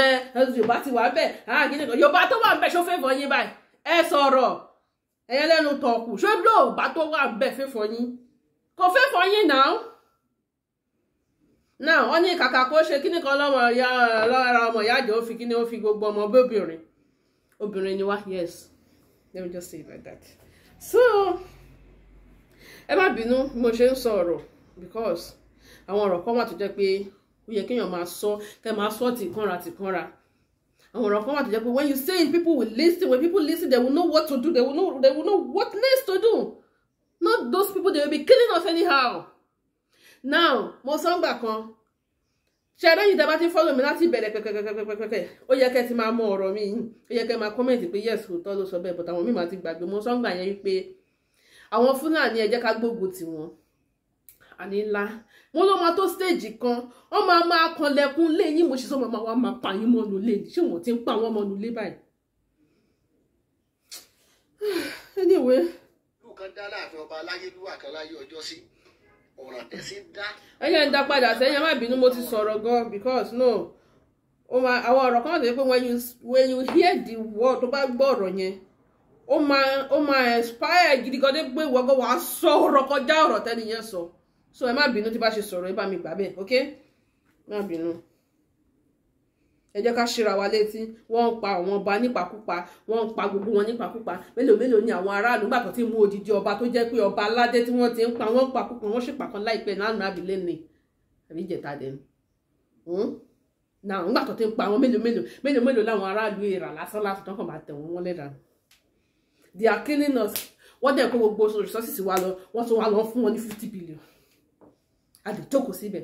ẹ yorùbá ti wà bẹ́ẹ̀ àgínní kan yorùbá tó wà ń bẹ ṣó fẹ́ fọyín báyìí ẹ sọ̀rọ̀ ẹ̀yẹ lẹ́nu tọ̀kù ṣé lóòbá tó wà bẹ fẹ́ fọyín kò fẹ́ fọyín náà náà wọ́n ní kàkà kó ṣe kíní kan lọ́mọ ya lọ́ra ọmọ ìyá àjọ ó fi kíní ó fi gbogbo ọmọ bí obìnrin obìnrin ni wá yes let me just say it like that so ẹ má bínú mo ṣe ń sọ ọ̀rọ̀ because àwọn ọ̀rọ̀ kan wà tó jẹ́ pé ó yẹ kéèyàn máa sọ kẹ́ máa sọ tìkanra tìkanra àwọn ọ̀rọ̀ kan wà tó jẹ́ pé when you say it people will listen when people listen they will know what to do they will know they will know what next to do not those people they will be killing us anyhow now mo sọ ńgbà kan ṣe lẹ́yìn tẹ́ bá ti fọ́lọ̀ mi láti bẹ̀rẹ̀ pẹ̀pẹ̀pẹ̀pẹ̀pẹ̀ ó yẹ kẹ́ ti máa mọ ọ̀rọ̀ mi ó yẹ kẹ́ máa kọ́mẹ̀ntì pé yes òótọ́ ló sọ bẹ́ẹ̀ but àwọn míì máa ti gbàgbé mo sọ ńgbà yẹn wípé àwọn fúlàní ẹ jẹ́ ká gbógun tì wọ́n àní ńlá wọn ló máa tó stage kan wọn máa máa kanlẹ̀kùn lé yín mo ṣe sọ máa wá máa pa yín mọ́nu lé ni ṣé wọn ti ń pa wọn mọ́nu lé báyìí. anyway. lùkàn dá láàfin ọba aláyélúwà kan láyé ọjọ́ sí ọ̀ràn tẹ̀sí dá. ẹ yẹn ń dá padà sẹ́yìn ẹ má bínú mo ti sọ̀rọ̀ gan because no àwọn ọ̀rọ̀ kan wà tó yẹ pé when you when you hear the word tó bá gbọ́ ọ̀rọ̀ yẹn ó máa ó máa expire gidi gan dé pé ìwọ́gọ́ wàá sọ ọ̀rọ̀ kọjá ọ̀rọ̀ tẹ́ni yẹn sọ so ẹ má bínú tí bá ṣe sọ̀rọ̀ ẹ bá mi gbà bẹ́ẹ̀ ok má bínú ẹ ká ṣíra wa létí wọ́n pa àwọn ọba nípakúpa wọ́n pa gbogbo wọn nípakúpa mélòó mélòó ni àwọn aráàlú gbà tó mú odidi ọba tó jẹ́ pé ọba aládé tí wọ́n ti ń pa wọ́n pakúpa wọ́n sì pàkan láìpẹ́ lánàá àbílẹ̀ ni àbí ìjẹta dẹ̀ náà ńgbà hmm? tó ti ń pa àwọn mélòó mélòó mélòó mélòó láwọn aráàlú èrà lásán láti tán kàn máa tẹ̀ wọ́n lẹ́dà they are killing us wọ́n dẹ̀ kó gbogbo resources wa lọ wọ́n tún wá lọ fún wọn ní fifty billion àdìjókòó síbẹ̀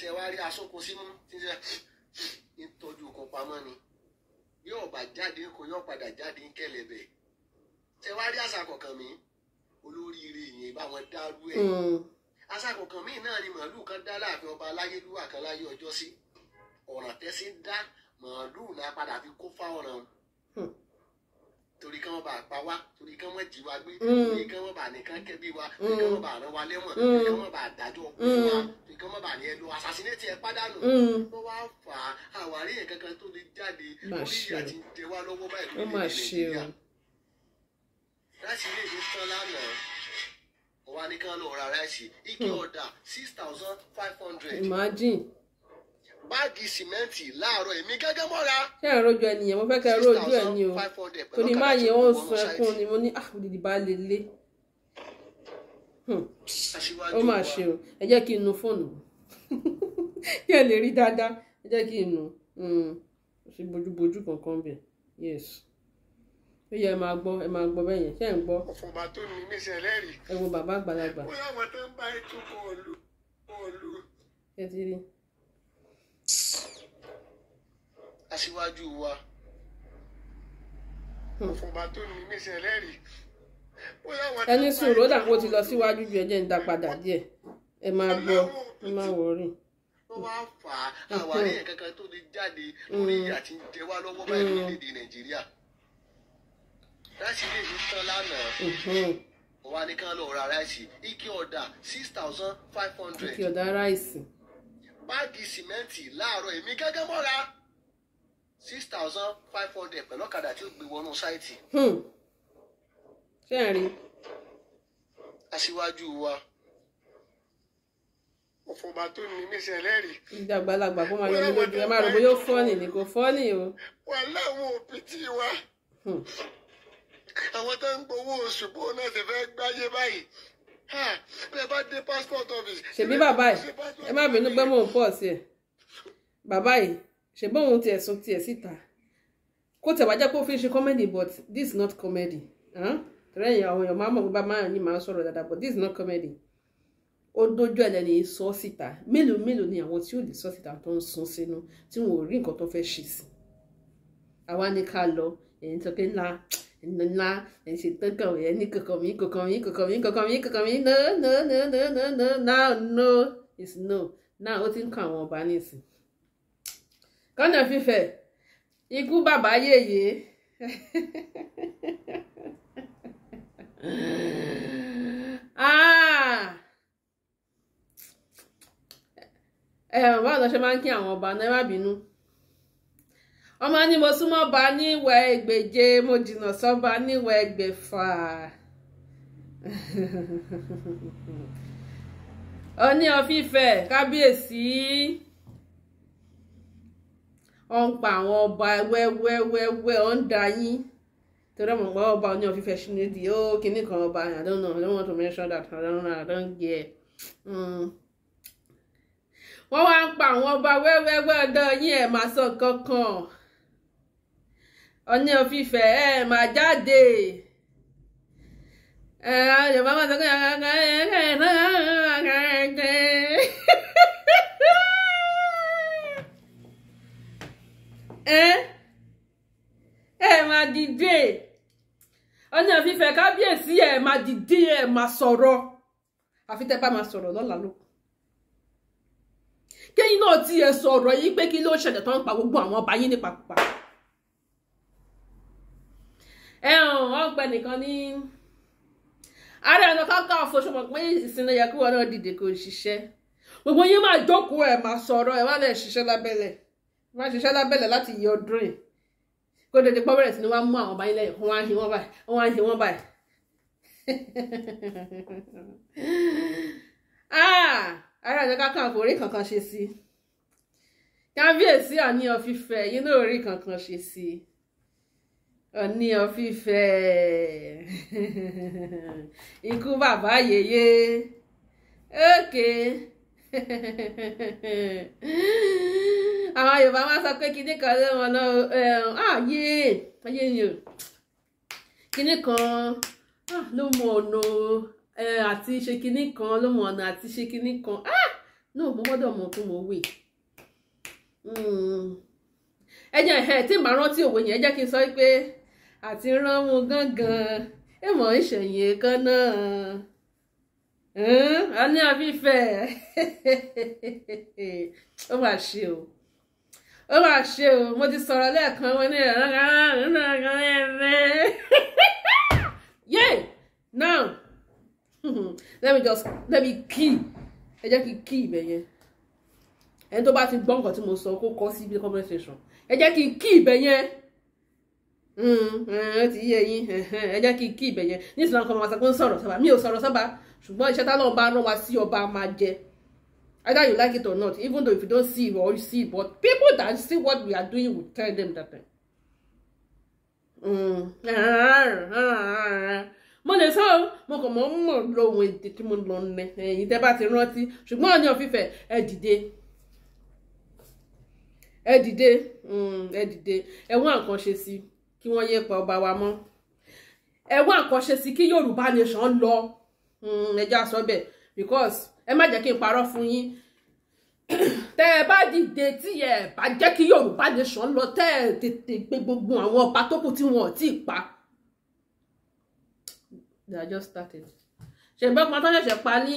tí ẹ wá rí asóko sínú tí ẹ ń tọ́jú kọ pamọ́ ni yóò bá jáde kó yóò padà jáde ń kẹlẹ̀bẹ̀ tí ẹ wá rí àṣà kọ̀ọ̀kan mi olóríire yẹn báwọn dárú ẹ̀ hmm. àṣà kọ̀ọ̀kan mi náà ni màálù kan dá láàfin ọba aláyélúwà kan láyé ọjọ́ sí ọ̀ràn tẹ́sí dá màálù náà padà fi kó fáwọn ọ̀ràn. Hmm torí kí wọ́n bá pa wá torí kí wọ́n jí wa gbé mm. torí kí wọ́n bá nìkan kẹ́bí wa mm. torí kí wọ́n bá rán wa lẹ́wọ̀n torí kí wọ́n bá dájọ́ kú fún wa mm. torí kí wọ́n bá ní ẹlò assassinate ẹ pàdánù wọ́n wá fà á àwárí yẹn kankan tó lè jáde orí ìyá ti jẹ wá lọ́wọ́ báyìí lórí Nàìjíríà láti ilé ìlú tán lánàá wọ́n wá ní kí wọ́n lọ ra ráìsì ike hmm. ọ̀dà six thousand five hundred. imagine báàgì sìmẹ́ǹtì láàárọ̀ èmi gẹ́gẹ́ mọ́ra. ṣé ẹ rojú ẹ nìyẹn mo fẹ́ kẹ́ ẹ rojú ẹ ní o kò ní máa yẹ wọ́n sun ẹkún ni mo ní àdìdì ah, bá lè lé hmm. ó mà ṣe o ẹ jẹ́ kí n nu fóònù kí ẹ lè rí dáadáa ẹ jẹ́ kí n nu ṣe hmm. bójúbójú kankan bẹ̀ yes ó yẹ ẹ máa gbọ́ ẹ máa gbọ́ bẹ́yẹn ṣé ẹ ń gbọ́. ọ̀fọ̀bà tó ní mí ṣẹlẹ̀ rí. ẹ wo bàbá àgbàlagbà. bóyá àwọn tó ń bá ètò kọ̀ọ̀lù kọ̀ọ̀lù. ẹ ti rí i. aṣíwájú wa hmm. ọba tó ní níṣẹ́ lẹ́rìí ẹni sùn ló dàpọ̀ ti lọ síwájú ju ẹjẹ́ ń dá padà díẹ̀ ẹ máa gbọ́ ẹ máa wọrí. ó wá fà á hmm. àwárí ẹ̀ kankan tó lè jáde lórí hmm. àti jẹ wá lọ́wọ́ báyìí lórílẹ̀‐èdè nàìjíríà láti lè fi tán lánàá wà ní kán lọ ra ráìsì ike ọ̀dà six thousand five hundred ike ọ̀dà ráìsì báàgì sìmẹ́ǹtì láàárọ̀ èmi gángan mọ́ra six thousand five hundred pẹ̀lú ọ̀kadà tí ó gbé wọnú sáìtì. Hmm. ṣé ẹ rí. aṣíwájú wa ọ̀fọ̀gbà tó ní mí ṣe ẹlẹ́rìí. ìjà àgbàlagbà kó máa yọ mí lójú ẹ máa rò bóyá ó fọ́ọ̀nì ni kò fọ́ọ̀nì o. wà láwọn òbí tí wa hmm. àwọn tó ń gbowó oṣù bó náà ṣe fẹ́ gbáyé báyìí bẹ́ẹ̀ bá dé passport office. ṣèbí bàbá ẹ má bínú pé mò ń pọ̀ sí ẹ bàbá yìí ṣùgbọ́n òun tiẹ̀ sun tiẹ̀ síta kó tẹ̀ wá jẹ́ kó fi ṣe comedy but this is not comedy tẹ́lẹ̀ yẹn àwọn èèyàn máa mọ̀ bá máa yín máa ń sọ̀rọ̀ dáadáa but this is not comedy ó dójú ẹ̀lẹ́ ní sọ síta mélòó mélòó ni àwọn tí ò lè sọ síta tó ń sun sínú tí wọn ò rí nǹkan tó fẹ́ ṣe sí àwa ní ká lọ ẹ̀yìn tó pé ńlá ńlá ẹ̀yìn ṣe tán kàn ẹ̀ ní kankan mi kankan mi kankan mi kankan mi kankan mi no no no no no no no it's no now ó ti ń kọ àwọn ọba nísìnyí kọ́nà fífẹ̀ ikú bàbá yèyé ah! ẹ̀hàn báwo lọ ṣe máa ń kí àwọn ọba náà má bínú ọmọ ni mo súnmọ́ ba níwẹ̀ ẹgbẹ̀je mo jìnnà sọ́ba níwẹ̀ ẹgbẹ̀fà oní ọfífẹ́ kábíyèsí. Si ọ̀ ń pa àwọn ọba wẹ́wẹ́wẹ́wẹ́ ọ̀ ń da yín torí àwọn ọba ọba ní ọ̀fífẹ́ ṣíní di ó kíní kan ọba I don't know I don't want to mention that I don't know I don't get wọ́n wá ń pa àwọn ọba wẹ́wẹ́wẹ́ ọ̀dọ́ yín ẹ̀ máa sọ kankan ọ̀ní ọ̀fífẹ́ ẹ̀ máa jáde ẹ̀ ọ̀jọ̀gbọ́n máa sọ pé ẹ̀ ẹ̀ ẹ̀ ẹ̀ ẹ̀ ẹ̀ ẹ̀ ẹ̀ ẹ eh? eh, máa dìde ọ̀nà fífẹ́ kábíyèsí ẹ máa ẹ ma sọ̀rọ̀ àfi tẹ́ bá ma sọrọ lọ́la ló náà ti ẹ sọ̀rọ̀ yìí kí ló ṣẹlẹ̀ tó ń pa gbogbo àwọn ọba yín ka ya kí wọn náà dìde ko gbogbo yín máa ẹ ẹ má ṣiṣẹ́ lábẹ́lẹ̀ láti yọ ọdún yìí kó dédé pọ́ bẹ̀rẹ̀ sí ni wọ́n á mú àwọn ọba ilẹ̀ yìí wọ́n á hin wọ́n báyìí wọ́n á hin wọ́n báyìí. Ah! ara ìjọba kan kò rí kankan ṣe sí kábíyèsí Ọọ̀ni of Ifẹ̀ yín náà rí kankan ṣe sí Ọọ̀ni of Ifẹ̀ ikú bàbá yèyé ókè. Okay. àwọn yorùbá máa sọ pé kinní kan ló wọn lọ ààyè ayé ni o kinní kan ló mọ ọ̀nà àti ṣe kinní kan ló mọ ọ̀nà àti ṣe kinní kan náà mo gbọ́dọ̀ mọ̀ fún mo wè ẹ jẹ́ ẹ tí màá rántí òwe yẹn ẹ jẹ́ kí n sọ pé àti ránmu gángan ẹ mọ̀ ń ṣẹ̀yìn kan náà a ní àfífẹ́ ó mà ṣe o ó mà ṣe o mo ti sọ̀rọ̀ lẹ́ẹ̀kan wọn ní Yeah, now let me just let me key ẹ jẹ́ kí key ibẹ̀ yẹn ẹni tó bá ti gbọ́ nǹkan tí mo sọ kó kọ sí ibi comment section ẹ jẹ́ kí key ibẹ̀ yẹn hmm, hmm, ó ti yé yín ẹ jẹ́ kí key ibẹ̀ yẹn ní ìsìlámù kan máa sọ pé ń sọ̀rọ̀ sábà mi ò sọ̀rọ̀ sábà ṣùgbọ́n iṣẹ́ náà bá rán wa sí ọba máa jẹ either you like it or not even though if you don't see it or you see it but people that see what we are doing will tell them that thing eh. mm. mo lè sọ mo kàn mọ mọ lóhun èdè tí mo lọ nẹ ẹ̀yin tẹ́ bá ti rántí ṣùgbọ́n ọyàn fífẹ ẹ dìde ẹ dìde mm, ẹ dìde ẹ wá nǹkan ṣe sí kí wọ́n yé pa ọba wa mọ́ ẹ wá nǹkan ṣe sí kí Yorùbá nation lọ ẹjẹ mm, àsọbẹ because ẹ má jẹ́ kí n parọ́ fún yín tẹ́ ẹ bá dìde tí ẹ bá jẹ́ kí Yorùbá nation lọ tẹ́ ẹ tètè gbé gbogbo àwọn ọba tó kù tí wọn ò tí ì pa they are just starting ṣègbọ́n ọba tó ṣẹ̀ṣẹ̀ pa ní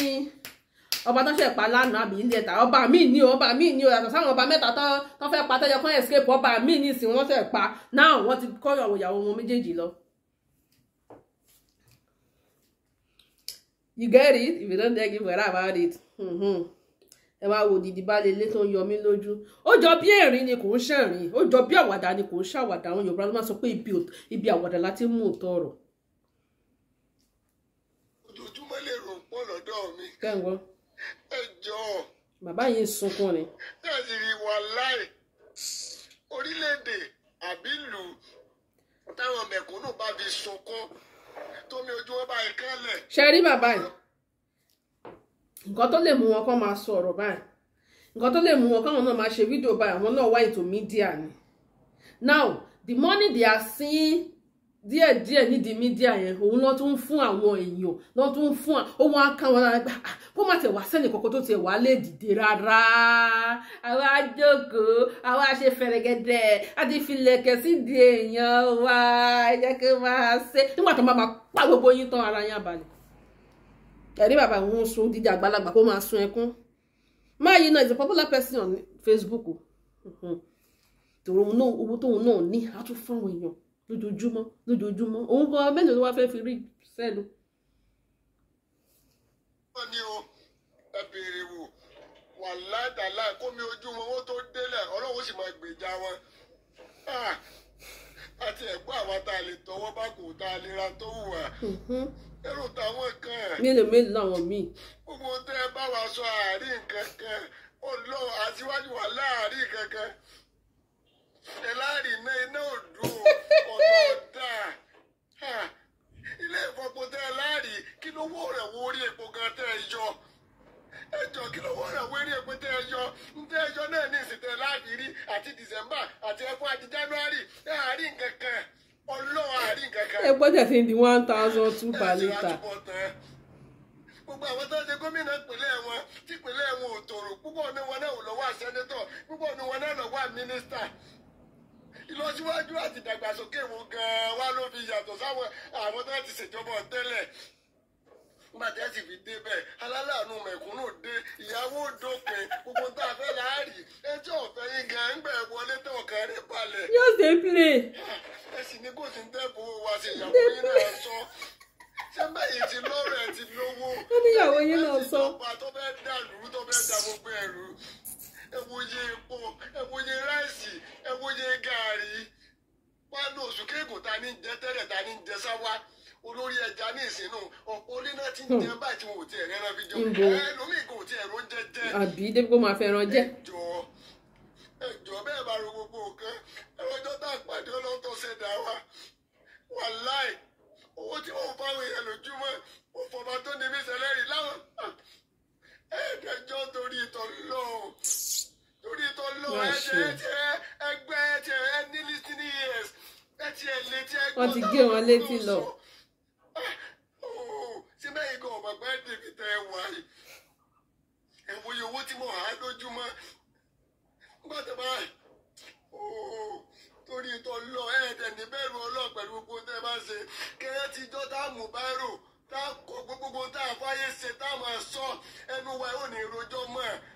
ọba tó ṣẹ̀ṣẹ̀ pa lánàá àbí ilé ẹ̀ta ọba míì ní ọba míì ní ọ̀yàtọ̀ sáwọn ọba mẹ́ta tó fẹ́ pa tẹ́jọ́ kan escape ọba míì ní ìsìn wọ́n ṣẹ̀ pa náà wọ́n ti kọ́ ìyàwó ìyàwó wọn méjèèjì lọ you get it if you don't dey give wẹ̀rẹ̀ about it hmm, hmm. ẹ wá wo dìdí bá lélẹ́ tó ń yọ mí lójú ó jọ bí ẹ̀rín ni kò ń ṣẹ̀rín ó jọ bí àwàdà ni kò ń ṣàwàdà àwọn Yorùbá ló máa sọ pé ibi àwàdà láti mú òótọ́ ọ̀rọ̀. ojoojúmọ́ lè rò pọ̀ lọ́dọ̀ mi. kẹ́ńgọ́. ẹ jọ. bàbá yìí ń sunkún ni. ẹ sì rí wa láì orílẹ̀-èdè àbí ìlú táwọn mẹ̀kúnnù bá fi sunkún. tómi ojú wọn báyìí kán lẹ̀. ṣe rí bàbá yìí nǹkan tó lè mú wọn kọ́ máa sọ ọ̀rọ̀ báyìí nǹkan tó lè mú wọn káwọn náà máa ṣe fídíò báyìí àwọn náà wá ètò mídíà ni now the money they díẹ̀díẹ̀ nídìí mídíà yẹn òun lọ́ tún ń fún àwọn èèyàn lọ́ tún ń fún ohun akáwọn lára gbà ah, ah, kó má tẹ̀ wá sẹ́ni kọ̀ọ̀kan tó tiẹ̀ wá lè dìde rárá àwa jókòó àwa ṣe fẹ̀rẹ̀gẹ̀dẹ̀ àti filẹ̀kẹ̀ sídìí èèyàn wa ẹ jẹ́ kí n máa ṣe nígbà tó máa pa gbogbo yín tán ara yín abalẹ̀ ẹ̀rí bàbá òun sun dídí àgbàlagbà kó máa sun ẹkún máa yí náà is a popular person on Facebook tòun náà owó tóun náà ní á tún fáwọn èèyàn lójoojúmọ́ lójoojúmọ́ òun gan mélòó ló wá fẹ́ fi rí sẹ́nu. wọ́n ní o ẹ béèrè wò wà ládàlá kómi ojú wọn ó tó délẹ̀ ọlọ́run sì máa gbèjà wọn àti ah, ẹ̀gbọ́n àwa tá a lè tọwọ́ bá kò tá a lè tó wù mm-hmm. ẹrù táwọn kan mélòó mélòó làwọn míì. gbogbo tẹ ẹ bá wa sọ àárín kankan ọlọ́run àtiwájú wà láàárín kankan ẹ láàrin náà iná òdò. lówó rẹ̀ wo orí epo gan tẹ́ ẹ yọ ẹjọ kí lówó rẹ̀ wo orí epo tẹ́ ẹ yọ tẹ́ ẹ yọ náà ní ìsìtẹ̀ láàbì rí àti dìsẹ́mbà àti ẹ̀fọ́ àti jánúárì ẹ̀ àárín nǹkan kan ọlọ́run àárín nǹkan kan. ẹ gbọ́dọ̀ ti di one thousand two per litre gbogbo àwọn tó ń ṣe gómìnà ìpínlẹ̀ wọn tí ìpínlẹ̀ wọn ò tòrò púpọ̀ ní wọn náà lọ́wọ́ àṣẹ́nẹ́tọ̀ púpọ̀ ní wọn náà lọ́wọ́ mínísítà ìlọsíwájú àti ìdàgbàsókè wọn gan-an wá ló fi yàtọ̀ sáwọn àwọn tó ti ṣèjọba tẹ́lẹ̀ gbàtẹ́ sì fi dé bẹ́ẹ̀ alálàánú mẹ̀kúnnù dé ìyàwó dópin gbogbo tá a fẹ́ láàrí ẹjọ́ ọ̀fẹ́ yín ń gbẹ̀ wọlé tán ọ̀kan rẹ̀ yóò ṣe é play. ẹ sì ní kò sí ń tẹ́ bó wa ìyàwó yín náà sọ ṣé báyìí ti lọ́rọ̀ ẹ̀ ti lówó. ó ní ìyàwó yín náà sọ. ọba tó fẹ́ dà lùrú tó fẹ́ dà gbogbo ẹ̀rù ẹ̀wòye epo ẹ̀wòye ráìsì ẹ̀wòye gàárì wá lóṣù kéèkó ta ní jẹ tẹ́lẹ̀ ta ní jẹ sáwá olórí ẹja ní ìsìnú ọ̀pọ̀ olé náà ti ń hmm. jẹ báyìí tí wọn ò tiẹ̀ rẹ́ran fídíò ẹlòmíì kò tiẹ̀ ró jẹ́jẹ́. àbí débi kó máa fẹ́ràn jẹ́. ẹjọ ẹjọ bẹ́ẹ̀ bá ro gbogbo nǹkan ẹlọ́jọ́ tá a pàdé ọlọ́tọ̀ ṣe wa wà láì owó tí wọn fáwọn èèyàn lójúmọ́ òfòmà tó ní mísẹlẹrì láwọn ẹẹdẹjọ torí ìtọ lọ torí ìtọ lọ ẹjẹ ẹgbẹ ẹjẹ ẹni listening ears ẹjẹ létí lọ na ikọ̀ bàbá dèbí tẹ́ ẹ wà yìí ẹ wo iye tí mo hàn á lójúmọ́ gbọ́dọ̀ torí tó lọ ẹ̀ẹ́dẹ̀ níbẹ̀rù ọlọ́ pẹ̀lú gbogbo tẹ́ bá ṣe kẹ́rẹ́ ti jọ tá a mú báírò tá a gbogbo tá fáyé ṣe máa sọ ẹnu wa ní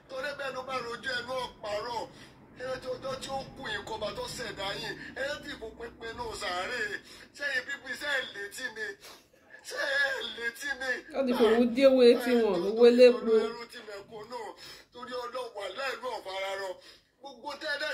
torí bẹ́ẹ̀ bá ẹnu tí ó kù ìkọba tó yìí pínpín náà sàárè létí ni. wọ́n ti fòwò ewe etí wọn lówó lépo. torí ọlọ́wà lẹ́nu ọ̀fara rọ gbogbo tẹ́lẹ̀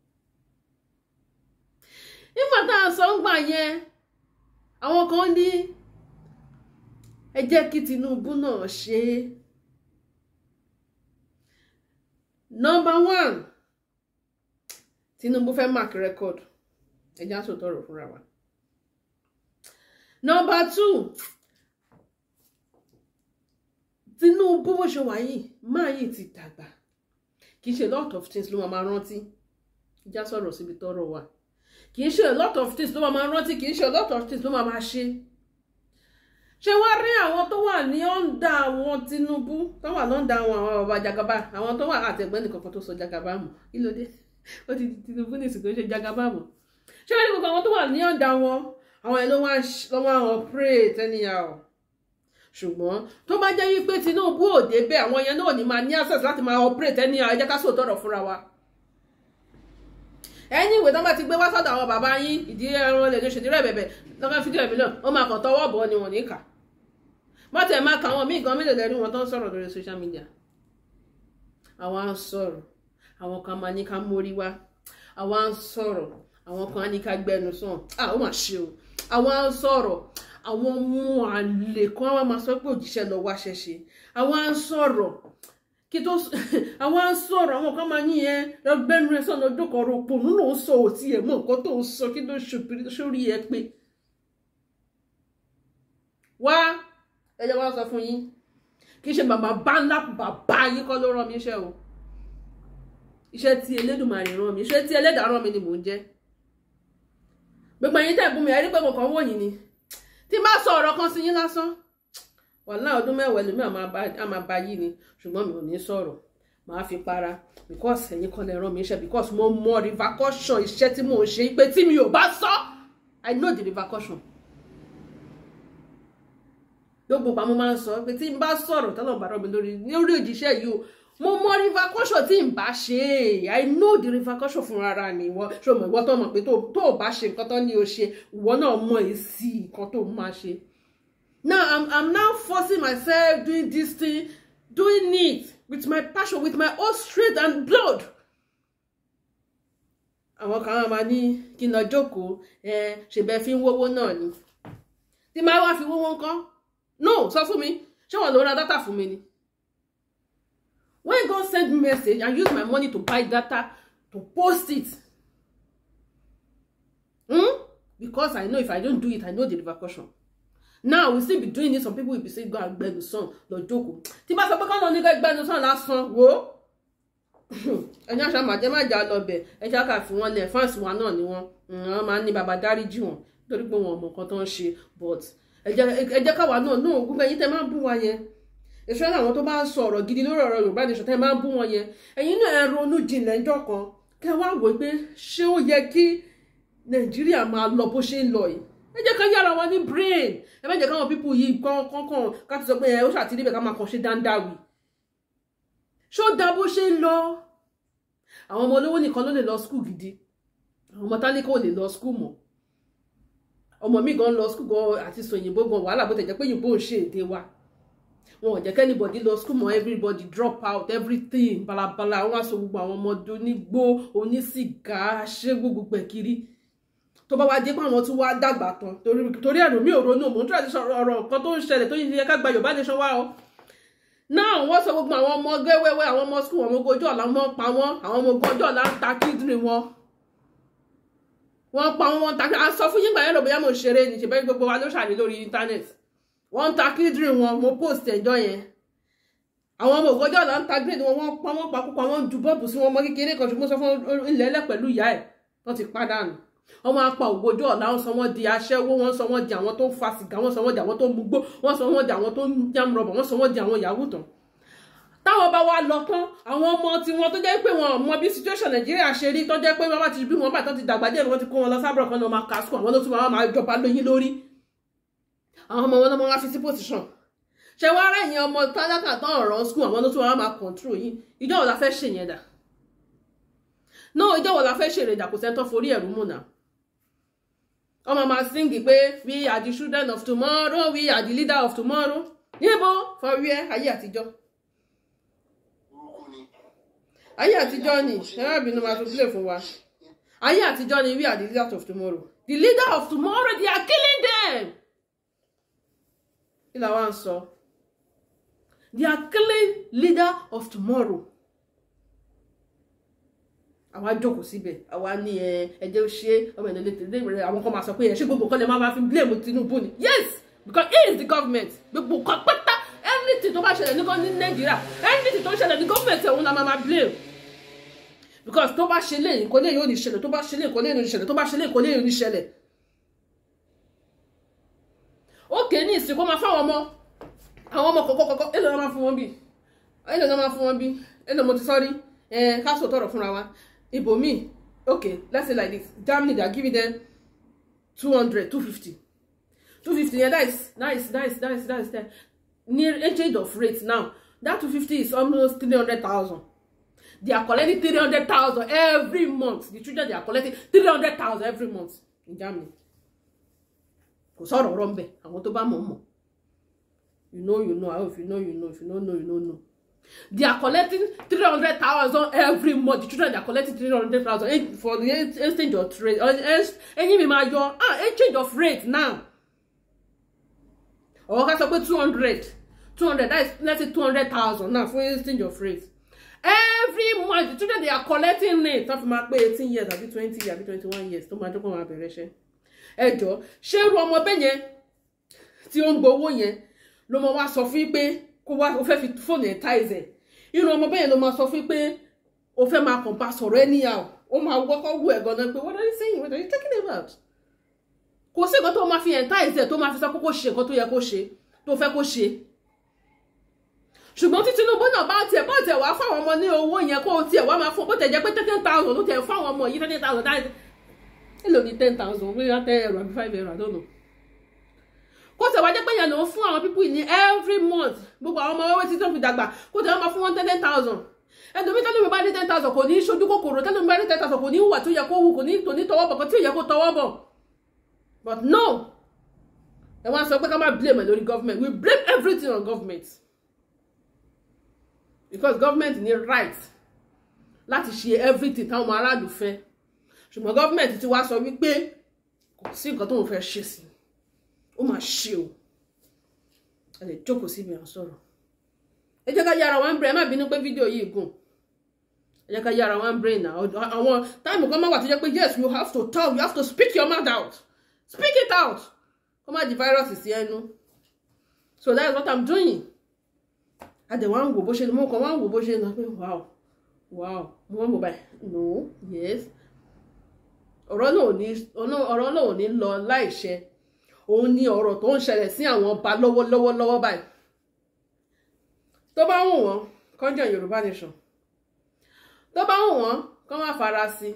nígbà tá a sọ ń gbà yẹn àwọn kan ní ẹ jẹ́ kí Tinubu náà ṣe é number one Tinubu fẹ́ mark record ẹ já sọ tọrọ fúnra wa number two Tinubu bó ṣe wà yìí máa yìí ti dàgbà kì í ṣe lot of things ló máa rántí já sọ̀rọ̀ síbi tọ́rọ̀ wà kì í ṣe a lot of things ló máa rántí kì í ṣe a lot of things ló máa máa ṣe ṣé wàá rí àwọn tó wà ní ọ̀ǹda àwọn Tinubu tó wà lọ́ǹda àwọn àwọn bàbá Jagaba àwọn tó wà àtẹ̀gbẹ́ nìkankan tó sọ Jagaba mọ̀ kí ló dé ó ti Tinubu ní ìsìnkú ṣe Jagaba mọ̀ ṣé wàá rí gbogbo àwọn tó wà ní ọ̀ǹda wọn àwọn ẹ̀ ló wá ń operate anyhow ṣùgbọ́n tó bá jẹ́ wípé Tinubu ò débẹ̀ àwọn yẹn náà ní máa ní access láti máa operate anyhow ẹ jẹ́ ká sòótọ́ ọ̀rọ̀ fúnra wa ẹni ìwé tán bá ti gbé wá sọ́dọ̀ àwọn bàbá yín ìdílé ẹran lè ní ṣèdírẹ bẹbẹ lọkàn fídíò ẹbí náà ó máa kàn tọwọ́ bọ ni wọn ní kà mọtẹ máa kà wọn míì gan mílẹ lẹrí wọn tán sọ̀rọ̀ lórí social media àwọn á sọ̀rọ̀ àwọn kan máa ní ká mórí wá àwọn á sọ̀rọ̀ àwọn kan á ní ká gbẹnu sàn à ó máa ṣe o àwọn á sọ̀rọ̀ àwọn ọmọ àlè kan á máa sọ pé òjíṣẹ́ lọ wá ṣẹṣe àwọn á sọ̀rọ̀ kí tó àwọn sọ̀rọ̀ àwọn kan máa yín yẹn lọ gbẹ́nu ẹ sọ̀nà dókòrò pònú ló ń sọ òtí ẹ̀ mọ̀ nǹkan tó ń sọ kí tó sórí ẹ pé wá ẹjẹ wá sọ fún yín kì í ṣe bàbá bá ńlá bàbá yín kọ́ ló rán mi iṣẹ́ o iṣẹ́ tí Elédùmarè rán mi iṣẹ́ tí Ẹlẹ́dàá rán mi ni mò ń jẹ́ gbogbo ẹ̀yin tẹ̀ bú mi ẹ rí pé mo kàn wò yín ni tí n bá sọ ọ̀rọ̀ kan sí yín lásán wàhálà ọdún mẹ́wàá ẹlòmíì a máa ba yí ni ṣùgbọ́n mi ò ní sọ̀rọ̀ màá fi para because ẹ̀yin kan lè ràn mí iṣẹ́ because mo mọ repercussion iṣẹ́ tí mò ń ṣe pé tí mi ò bá sọ I know the repercussion gbogbo pàmò máa ń sọ pé tí n bá sọ̀rọ̀ tọ́lọ̀ bá rọ̀ mi lórí ní orí òjíṣẹ́ yìí o mo mọ repercussion tí n bá ṣe I know the repercussion fún ara mi ìwọ ṣọmọ ìwọ tó mọ̀ pé tó o bá ṣe nǹkan tó ní o ṣe ìwọ náà mọ èsì nǹkan tó máa ṣe now i'm i'm now forcing myself doing this thing doing it with my passion with my own strength and blood àwọn kan máa ní kí n lọ jókòó ẹ ṣèbẹ fi ń wówó náà ni tí máa wá fi wówó ńkọ́ no sọ fún mi ṣé wọn lọ ra data fún mi ni when God send me message I use my money to buy data to post it hmm? because I know if I don't do it I know the repercussion now we still be doing this some people will be saying go and gbẹnu sàn lọ jókòó tí bá sọ pé kọ́nà oníkẹ́ gbẹnu sàn lásán wo ẹni àṣà màjẹ́ màjà lọ bẹ̀ ẹja kà fi wọn lẹ̀ fáǹsì wa náà ni wọn mm, wọn máa ń ní baba dáríjì wọn torí pé wọn ò mọ nǹkan tó ń ṣe but ẹjẹ káwa náà náà gbogbo ẹ̀yin tẹ máa ń bú wa yẹn èso àwọn tó bá ń sọ ọ̀rọ̀ gidi lórí ọ̀rọ̀ Yorùbá nation tẹ máa ń bú wọn yẹn ẹ̀yin náà ẹ ronú jinlẹ̀ ńjọ́ kan kẹ wá wò pé ṣé ó yẹ kí Nàìjíríà máa lọ bó ṣe ń lọ ẹ jẹ́ ká yára wa ní brain ẹ má jẹ́ káwọn pípù yìí kọ́ńkọ́ńkọ́n ká ti sọ pé ẹ ó ṣàtìrí bẹ̀ ká máa kàn ṣe dáńdáwì ṣó da bó ṣe ń lọ àwọn ọmọ olówó nìkan ló lè lọ skul gidi àwọn ọmọ tálíkà ò lè lọ skul mọ́ ọmọ mi gan lọ skul gan àti sọ òyìnbó gan wàhálà bó tẹ̀ jẹ́ pé òyìnbó ń ṣe èdè wa wọn ò jẹ́ kẹ́nìbọ̀dì lọ skul mọ́ everybody drop out everything balabala wọn á so gbogbo àwọn ọmọ onígbó onísìgá ṣé gbogbo pẹ̀ kiri tó bá wá dé pé àwọn tún wá dàgbà tán torí ẹ̀rù mi ò ronú mò ń tún àti ọ̀rọ̀ nǹkan tó ń ṣẹlẹ̀ tó yẹ ká gba Yorùbá nation wá o náà wọ́n sọ gbogbo àwọn ọmọ gẹ́wẹ́wẹ́ àwọn ọmọ skul àwọn ọmọ ojú ọ̀la wọ́n pa wọ́n àwọn ọmọ ogun ọjọ́ ọ̀la ń ta kíndìnrín wọn wọ́n pa wọ́n wọ́n ta kí a sọ fún yín gbà yẹn lọ bóyá mò ń ṣeré ní ṣèbẹ́ gbogbo wa ló ṣàlè lórí internet wọ́n ta kíndìnrín wọn mo post ẹjọ́ yẹn àwọn ọmọ ogun ọ̀la ń ta kíndìnrín wọn wọ́n pa wọ́n pa púpọ̀ wọ́n ju bọ́ọ̀bù sí wọn mọ́ kékeré kan ṣùgbọ́n sọ fún ilẹ̀ ẹlẹ́ ìyá ẹ̀ wọ́n ti pàdánù wọ́n máa pa ògbójú ọ̀la wọ́n sọ wọ́n di aṣẹ́wó wọ́n sọ wọ́n di àwọn tó ń fa sìgá wọ́n sọ wọ́n di àwọn tó ń mugbó wọ́n sọ wọ́n di àwọn tó ń yàmùrọ̀bọ̀ wọ́n sọ wọ́n di àwọn ìyàwó tán táwọn bá wa lọ tán àwọn ọmọ tiwọn tó jẹ́ pé wọn mọ bí situation nàìjíríà ṣe rí tó jẹ́ pé wọn bá ti bí wọn bá tán ti dàgbà díẹ̀ wọn ti kó wọn lọ sábà kan náà máa kà sùn àwọn ló tún máa jọba lóyún lórí àwọn ọmọ wọn náà máa fi sí position ṣe wá rẹ̀ yẹn ọmọ tálákà tán ọ̀rọ̀ school àwọn tó wá máa control yín ìjọ wo la fẹ́ ṣe yẹn dà náà ìjọ wo la fẹ́ ṣe èrè dà kò sẹ́ńtọ́ forí ẹ̀rú múnà ọmọ máa sing pé we are the children of tomorrow we are the leader of tomorrow níbo fọwí ẹ ayé àtijọ́ ayé àtijọ́ ni ẹ̀rọ̀bìnú máa tún play fún wa ayé àtijọ́ ni we are the leader of tomorrow the leader of tomorrow they are killing them kí làwọn sọ they are killing leader of tomorrow àwa jókòó síbẹ̀ àwa ní ẹ ẹjẹ́ ó ṣe ọmọ ẹ̀dẹ̀ lè tẹ̀lé rẹ̀ àwọn kan máa sọ pé ẹ̀ ṣé gbogbo kan lè máa fi blame Tinubu ni yes because he is the government gbogbo kan pátá anything tó bá ṣẹlẹ̀ ní ní Nàìjíríà anything tó ń ṣẹlẹ̀ ní gọ́ọ̀mẹ̀ntì ọ̀hún la máa blame because tó bá ṣe léyìn kò léyìn ò ní ṣẹlẹ̀ tó bá ṣe léyìn kò léyìn ò ní ṣẹlẹ̀ tó bá ṣe léyìn kò léyìn ò ní ṣẹlẹ̀ òkè ní ìsìnkú máa fáwọn ọmọ àwọn ọmọ kọ̀kọ̀kọ̀kọ̀ èlò náà máa fún wọn bí èlò náà máa fún wọn bí èlò mo ti sọ́rí ẹ̀ ká sòtọ̀rọ̀ fúnra wa me, okay let's say like this Germany they are giving them two hundred two fifty two fifty yeah that is that is that is that is that is near exchange of rates now that two fifty is almost three hundred thousand they are collecting three hundred thousand every month the children they are collecting three hundred thousand every month in Germany kò sọ̀rọ̀ ọ̀rọ̀ ń bẹ̀ àwọn tó bá mọ̀ you know you know if you know you know if you don't know you no know they are collecting three hundred thousand every month the children they are collecting three hundred thousand for the exchange of rate Any major? máa yọ ah exchange of rate now ọ̀rọ̀ ká sọ pé two hundred two hundred that is let's say two hundred thousand now for exchange of rate every month the children they are collecting rate tó fi máa pé eighteen years àbí twenty àbí twenty one years Don't matter dọ́gbọ́n máa bẹ̀rẹ̀ ṣẹ́ ẹ jọ ṣé irú ọmọ bẹ́ẹ̀ yẹn tí ó ń gbowó yẹn ló mọ wá kó wá o fẹ́ fi fóònù ẹ̀ táìsì ẹ̀ irú ọmọ bẹ́ẹ̀ ló máa sọ fún pé o fẹ́ máa kàn bá sọ̀rọ̀ ẹ̀ níyà o ó máa wọ́kọ́ wú ẹ̀ gan-an pé what are you saying what are you talking about kò sí nǹkan tó máa fi ẹ̀ táìsì ẹ̀ tó máa fi sọ pé kó ṣe nǹkan tó yẹ kó ṣe tó fẹ́ kó ṣe ṣùgbọ́n tí Tinubu náà bá tiẹ̀ bá tiẹ̀ wá fáwọn ọmọ ní owó yẹn kó tiẹ̀ wá máa fún bó tẹ̀ jẹ́ pé ten thousand ló tiẹ̀ fáwọn ọmọ yìí ten thousand dáìsì èlò ní ten thousand wíwá tẹ ẹ̀rọ àbí five ẹ̀rọ àdónà kó tẹ̀ wá jẹ́ pé yẹn ló fún àwọn pípù ní every month gbogbo àwọn ọmọ wẹ́wẹ́ tí tó fi dàgbà kó tẹ̀ wọ́n máa fún wọn ten ten thousand ẹnìtòmí tẹ́lẹ̀ mi bá ní ten thousand kò ní í ṣojú kòkòrò tẹ́lẹ̀ mi bá ní ten thousand kò ní í wà tó yẹ kó wù kò ní tò ní tọwọ́ bọ̀ kò tí ò yẹ kó tọwọ́ bọ̀ but no ẹ wá sọ pé ká má blame ẹ lórí government we blame everything on government because government ní right láti ṣe everything táwọn ọmọ aráàlú fẹ́ ṣùgbọ́n government ti wá sọ wípé kò sí nǹkan tóun fẹ́ ṣe sí i ó mà ṣe o ẹ lè jókòó síbi à ń sọ̀rọ̀ ẹ jẹ́ ká yára one brain ẹ má bínú pé fídíò yìí gùn ẹ jẹ́ ká yára one brain náà àwọn táìmù kan máa wà tó jẹ́ pé yes you have to talk you have to speak your mouth out speak it out kó má di virus sí ẹnu so that is what i'm doing adẹ̀ wá ń wò bó ṣe mú kan wá ń wò bó ṣe lọ pé wow wow mo wọ́n mo báyìí no yes ọ̀rọ̀ náà ò ní lọ láìṣẹ òun ni ọ̀rọ̀ tó ń ṣẹlẹ̀ sí àwọn ọba lọ́wọ́lọ́wọ́ lọ́wọ́ báyìí tó bá wù wọ́n kọ́njọ Yorùbá nation tó bá wù wọ́n kọ́ máa fara sí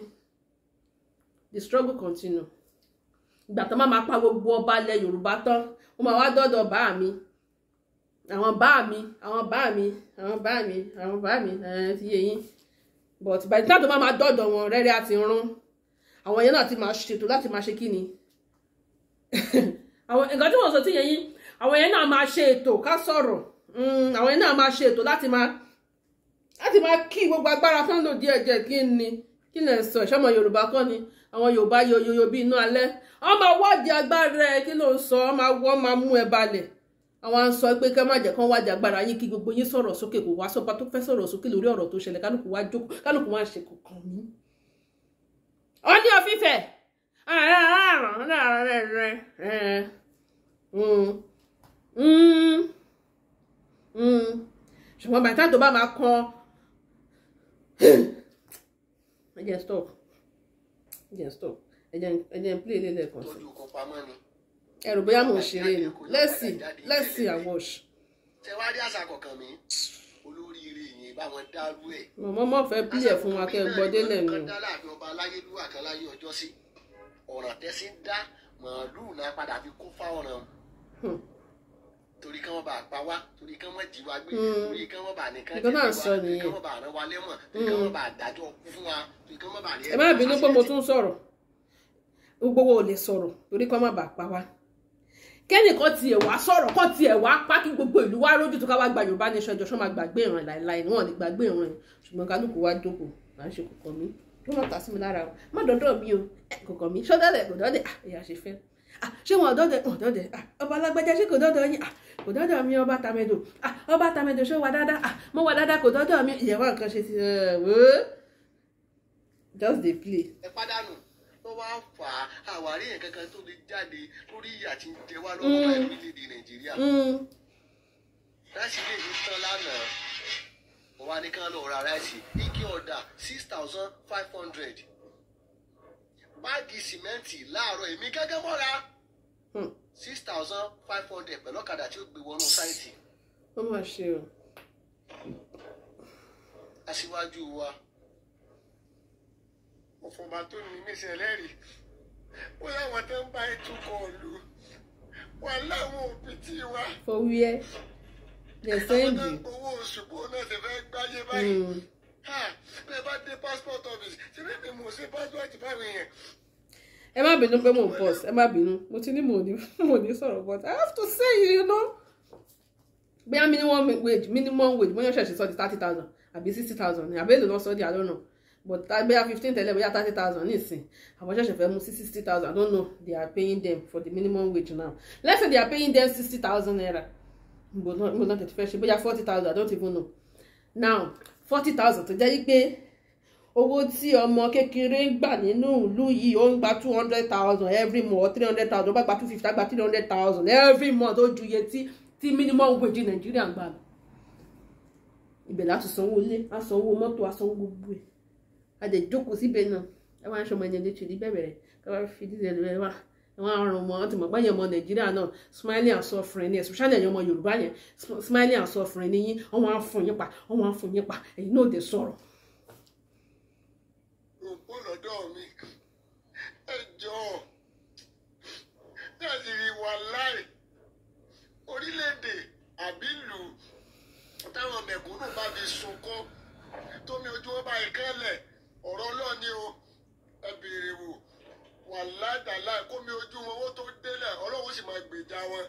the struggle continue ìgbà tó má máa pa gbogbo ọba ilẹ̀ Yorùbá tán wọ́n máa wá dọ́dọ̀ bá mi àwọn bá mi àwọn bá mi àwọn bá mi àwọn bá mi ẹ̀ẹ́n ti yé yín but by the time tó má máa dọ́dọ̀ wọn rẹ́rẹ́ àti rún àwọn yẹn náà ti máa ṣètò láti máa ṣe kí ni àwọn nǹkan tí wọ́n sọ tí yẹn yín àwọn yẹn náà máa ṣe ètò ká sọ̀rọ̀ mm, àwọn yẹn náà máa ṣe ètò láti máa láti máa kí gbogbo agbára tán lò díẹ̀ díẹ̀ kí ni kí lè sọ ìṣọmọ Yorùbá kọ́ ni àwọn Yorùbá yoyoyo bí iná alẹ́ wọ́n máa wádìí agbára ẹ kí ló ń sọ wọ́n máa wọ́ máa mú ẹ balẹ̀ àwọn à ń sọ pé kẹ́ má jẹ́ kán wájà agbára yín kí gbogbo yín sọ̀rọ̀ sókè kò wá sọ́pá tó fẹ́ sọ̀rọ̀ sókè lórí ọ̀rọ̀ tó ṣẹlẹ̀ kálukú wá jókòó kálukú wá ṣe kọ̀ọ̀kan ní. ó ní ọ̀fífẹ́ ṣùgbọ́n bàtà tó bá máa kọ́ ẹ jẹ́ stop ẹ jẹ́ stop ẹ jẹ́ n play lélẹ̀ kan sí ẹ rò bóyá mo ń ṣeré ni lẹ́sì lẹ́sì àwọ̀ṣ. ṣé wàá rí àṣà kọ̀ọ̀kan mi olóríire yìí bá wọn dárú ẹ̀. mọ̀mọ́ mọ̀ fẹ́ pílẹ̀ fún wa kẹ́ ẹ gbọ́dé lẹ́nu. àṣà kọ̀ọ̀kan dára àbí ọba aláyélúwà kan láyé ọjọ́ sí ọ̀ràn tẹ́sí ń dá màálùú náà padà fi kún fá ọ̀ràn hmm. torí kí wọ́n bá pa wá torí kí wọ́n jí wa gbé hmm. torí kí wọ́n bá nìkan jẹ́ wa torí kí wọ́n bá rán wa lẹ́wọ̀n torí hmm. kí wọ́n bá dájọ́ fún wa torí kí wọ́n bá lẹ́wọ̀n. ẹ má bínú pé mo tún sọ̀rọ̀ gbogbo wo lè sọ̀rọ̀ torí kí wọ́n má bàa pa wá kẹ́nìkan tiẹ̀ wá sọ̀rọ̀ kọ́ tiẹ̀ wá pa kí gbogbo ìlú wá rójú tó ká wá gba Yorùbá Nation jọ máa gbàgbé ìran láìláì wọn ò ní gbàgbé ìran ṣùgbọ́n kálukú wá jókòó là ń ṣe kí wọ́n tà sí mi lára o má dọ́dọ̀ mi o kò kàn mí ṣọ́dọ̀dẹ̀ kò dọ́dẹ̀ ah, ìyá ṣe fẹ́ ah, ṣé wọn dọ́dẹ̀ wọn dọ́dẹ̀ ah, ọba alágbájá ṣé kò dọ́dọ̀ yín kò dọ́dọ̀ mi ọba tàmẹ̀dò Ah, tàmẹ̀dò ṣé wà dáadáa mo wà dáadáa kò dọ́dọ̀ mi ìyẹ̀wò nǹkan ṣe ti wò ó just dey play. ẹ pàdánù tó wá ń fà á àwárí yẹn kankan tó lè jáde lórí ìyà tí ń jẹ wá lọ́wọ́ báyìí mm. lórílẹ̀‐èdè nàìjíríà mm. láti lè ní tán lánàá wọ́n wá ní kí wọ́n lọ ra ráìsì ike ọ̀dà six thousand five hundred báàgì sìmẹ́ǹtì láàárọ̀ èmi gẹ́gẹ́ mọ́ra hmm. six thousand five hundred pẹ̀lú ọ̀kadà tí ó gbé wọnú sáìtì. ó mà ṣe o. aṣíwájú wa ọ̀fọ̀mà tó ní mísẹ̀ lẹ́rìí bóyá àwọn tó ń bá ètò kọ̀ọ̀lù wà láwọn òbí tí wa. fọwọ́ lè owó oṣù kó náà ti fẹ́ gbáyé báyìí. Hmm. bẹ́ẹ̀ bá dé passport office ṣé bí mi mò ń passport báyìí yẹn. ẹ má bínú pé mò ń pause ẹ má bínú mo ti ní mò ní mò ní sọ̀rọ̀ but I have to say you know bí a minimum wage minimum wage bóyá ṣẹ̀ṣẹ̀ sọ di thirty thousand àbí sixty thousand ni àbí èlò náà sọ di àlọ́nà but bóyá fifteen tẹ́lẹ̀ bóyá thirty thousand nísìn àwọn ṣẹ̀ṣẹ̀ fẹ́ mú sí sixty thousand I don't know they are paying them for the minimum wage now let's say they are paying them sixty thousand naira mo náà tètè fẹ́ ṣe bóyá forty thousand i don't even know now forty thousand tó jẹ́ yí pé owó tí ọmọ kékeré ń gbà nínú ìlú yìí ó ń gba two hundred thousand every month three hundred thousand ó bá gba two fifty gba three hundred thousand every month ó ju iye tí tí minimum wage nàìjíríà ń gbà lọ ibẹ̀ láti sanwó ilé asanwó mọ́tò asanwó gbogbo ẹ̀ a dẹ̀ jókòó síbẹ̀ náà ẹ máa ń ṣọmọ ẹni létí ní bẹ̀rẹ̀ rẹ̀ ká bá fi dídẹ̀ lọ́wọ́ wọn àrùn mọ ọtí mọ gbẹyìn ọmọ nàìjíríà náà smiley and suffering ni especially ẹ̀yin ọmọ yorùbá yẹn smiley and suffering ni yín ọmọ àfún yín pa ọmọ àfún yín pa ẹ̀yin náà dé sọ̀rọ̀. òkú lọ́dọ̀ mi ẹ láti rí wa láì orílẹ̀-èdè àbí ìlú táwọn mẹ̀kúnnù bá fi sunkún tómi ojú ó bá ọ̀rọ̀ ọlọ́ọ̀ni o ẹ wò wà ládàláì kómi ojú wọn owó tó délẹ̀ ọlọ́wọ́ sì máa gbèjà wọn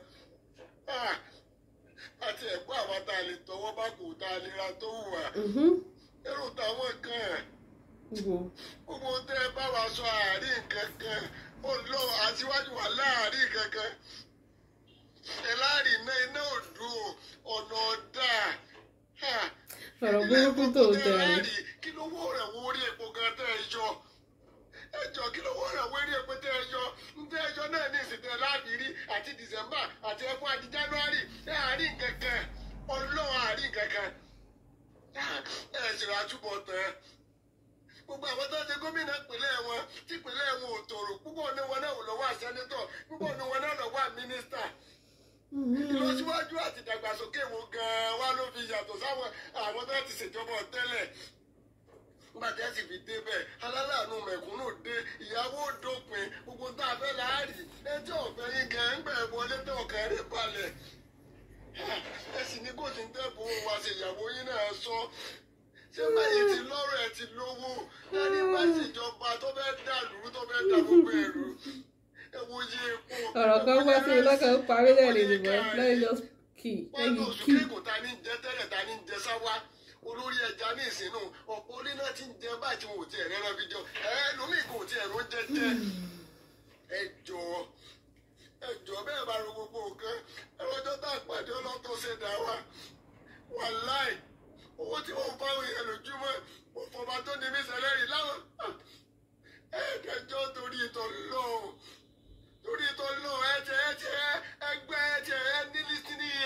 àti ah, ẹ̀kọ́ àwa tá a lè tọwọ́ bá kò tá a lè ra tó wù wá èrò mm-hmm. táwọn kan gbogbo tẹ́ ẹ bá wa sọ àárín kankan ó lọ aṣíwájú wa láàárín kankan ẹ láàrin náà iná ò dùn ọ̀nà ọ̀dà ọ̀rọ̀ burúkú tó tẹ̀ ẹ́ kí ló wọ́ ọ̀rẹ́ wo orí epo gan tẹ́ yọ. e kí ló wọ́n ràwọ́ eré èpètè ẹjọ́ ǹjẹ́ ẹjọ́ náà ní ìsìnkú láàbìrí àti dìsẹ́mbà àti ẹ̀fọ́ àti january ẹ̀ àárín kankan ọlọ́run àárín kankan ẹ̀ ṣèlú àtúbọ̀ tán gbogbo àwọn tó ń ṣe wọn tí wọn ò tòrò púpọ̀ ní wọn náà lọ́wọ́ púpọ̀ ní wọn náà lọ́wọ́ ìlọsíwájú àti ìdàgbàsókè gan-an wá ló fi nígbà tí ẹ sì fi débẹ̀ alálàánú mẹ̀kúnnù dé ìyàwó dópin gbogbo tá a fẹ́ láàrì ẹjọ́ ọ̀fẹ́ yín gan wọlé tó ọ̀kẹ́ rè balẹ̀ ẹ sì ní kò sí ń tẹ́bù wa ṣe ìyàwó yín náà sọ ṣé báyìí ti lọ́rọ̀ ẹ ti lówó láti bá ìjọba tó fẹ́ dàlúrú tó fẹ́ dà gbogbo ẹ̀rú ọ̀rọ̀ kan wá sí lọ́kàn parí lẹ́yìn ìbọn lẹ́yìn lọ́kì lẹ́yìn kí. wọ́n lò olórí ẹja ní ìsìnú ọ̀pọ̀ ilé náà ti ń jẹ báyìí tí wọn ò tiẹ̀ rẹ́rán fi jọ ẹlòmíì kò tiẹ̀ ló jẹjẹ ẹ jọ bẹ́ẹ̀ bá ro gbogbo nǹkan ẹlọ́jọ́ tá a pàdé ọlọ́tọ̀ ṣe dá wa wàláì owó tí wọ́n fáwọn èèyàn lójúmọ́ mo tó ní mí sẹlẹ́rì láwọn ẹ̀ẹ́dẹ́jọ́ torí ìtọ́ lọ́wọ́ torí ìtọ́ lọ́wọ́ ẹ̀jẹ̀ ẹ̀jẹ̀ ẹgbẹ́ ẹ̀jẹ̀ ẹ̀ ní listening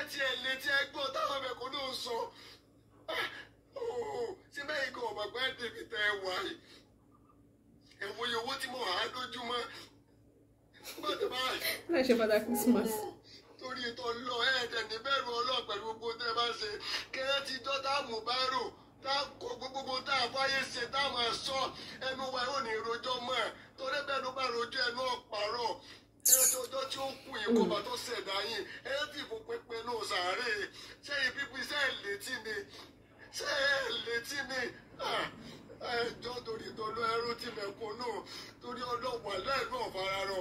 ẹ̀jẹ̀ ẹ̀ létí ẹgbọ́n táwọn ẹ̀kọ́ náà sọ ṣé bẹ́ẹ̀ kọ́ bàbá débi tẹ́ ẹ wà yìí ẹ̀wọ̀n iye owó tí mo hàn á lójúmọ́ láì ṣe padà Christmas. torí ètò ọlọ ẹ̀ẹ́dẹ̀ níbẹ̀rù ọlọ́ọ̀ pẹ̀lú gbogbo tẹ́ bá ṣe kẹ́rẹ́ ti dọ́ táàmù bá rò táàkó gbogbo táà fáyé ṣe táàmù sọ ẹnu wa ò ní rojọ́ mọ́ ẹ̀ torí bẹ́ẹ̀ ló bá rojọ́ ẹnu ọ̀pàrọ̀ ẹ̀ẹ́dẹ̀ ọjọ́ tí ó kù yìí kó bá tó ṣẹ̀dá yìí ẹ̀ẹ́dẹ̀ ìfòpinpin náà sàárè ṣé ibi pín sẹ́ẹ̀ létí ni ṣé ẹ létí mi ẹjọ́ torí tọ́lọ́ ẹrú ti náà torí ọlọ́wà lẹ́nu ọ̀fara rọ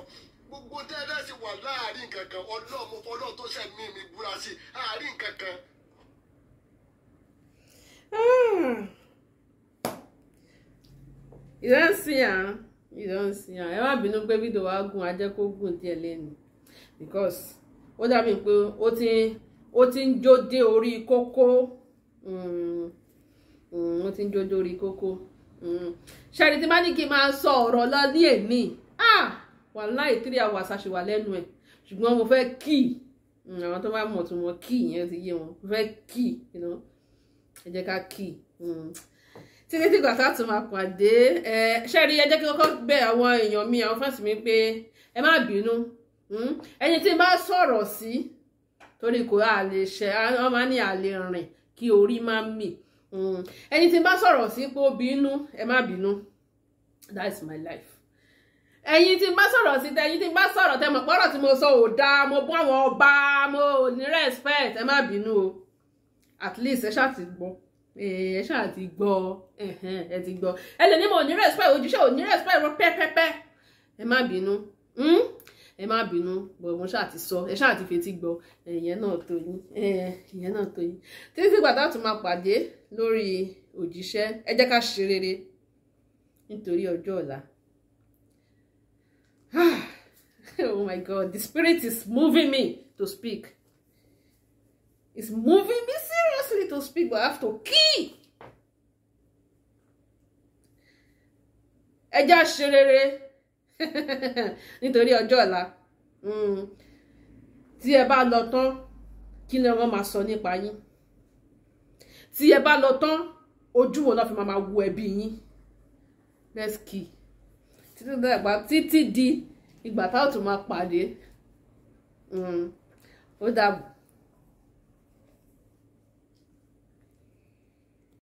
gbogbo tẹ́lẹ̀ sì wà láàrin kankan ọlọ́mọ fọlọ́ tó ṣẹ̀ mí mi búra sí àárín kankan. Hmm. you don see am you don see am ẹ má bínú pé fídíò wa gùn á kó gùn díẹ̀ lẹ́nu because ó dàbí pé ó ti ń jó dé orí kókó. Mm, mm, wọ́n ti ń jó dórí kókó mm. ṣẹ́ni tí má ní kí n máa sọ ọ̀rọ̀ lọ ní èmi ah! wàláì three hours àṣewà lẹ́nu ẹ̀ ṣùgbọ́n mo fẹ́ kí àwọn tó bá mọ̀ tó mọ̀ kí yẹn ti yé wọn mo fẹ́ kí ẹ jẹ́ ká kí títí tí gbàtà tó máa pàdé ṣẹ́ni ẹ jẹ́ kí kọ́kọ́ bẹ̀ àwọn èèyàn mi àwọn fáǹsì mi pé ẹ má bínú ẹni tí n bá sọ̀rọ̀ sí torí kò á lè ṣe wọ́n máa ní àlè rìn kí orí má mì mm. ẹni tí n bá sọ̀rọ̀ sí pé bínú ẹ má bínú that is my life ẹ̀yin tí n bá sọ̀rọ̀ sí tẹ tí n bá sọ̀rọ̀ tẹ mọ̀ pọ́rọ̀ tí mo sọ ò dáa mo bọ́ àwọn ọba mo ní respect ẹ má bínú o at least ẹ ṣáà ti gbọ́ eh, ẹ ṣáà ti gbọ́ ẹ ti gbọ́ ẹ lè ní mo ní respect ojúṣe ò ní respect rọ pẹ́pẹ́pẹ́ ẹ má bínú hmm? ẹ má bínú bọ̀ mo ṣáà ti sọ ẹ ṣáà ti fetí gbọ́ ìyẹn náà tó yín ìyẹn náà tó yín títí dìgbà tá a tún máa pàdé lórí òjíṣẹ́ ẹ jẹ́ ká ṣe rere nítorí ọjọ́ ọ̀la. Oh my God, the spirit is moving me to speak. It's moving me seriously to speak, but I have to key. ẹ jẹ́ àṣerere nítorí ọjọ́ ọ̀la mm, tí ẹ bá lọ tán kí ni wọ́n máa sọ nípa yín tí ẹ bá lọ tán ojú wo náà fi máa wo ẹbí yín let's títí di ìgbà táwọn tún máa pàdé mm, ó dàbọ̀.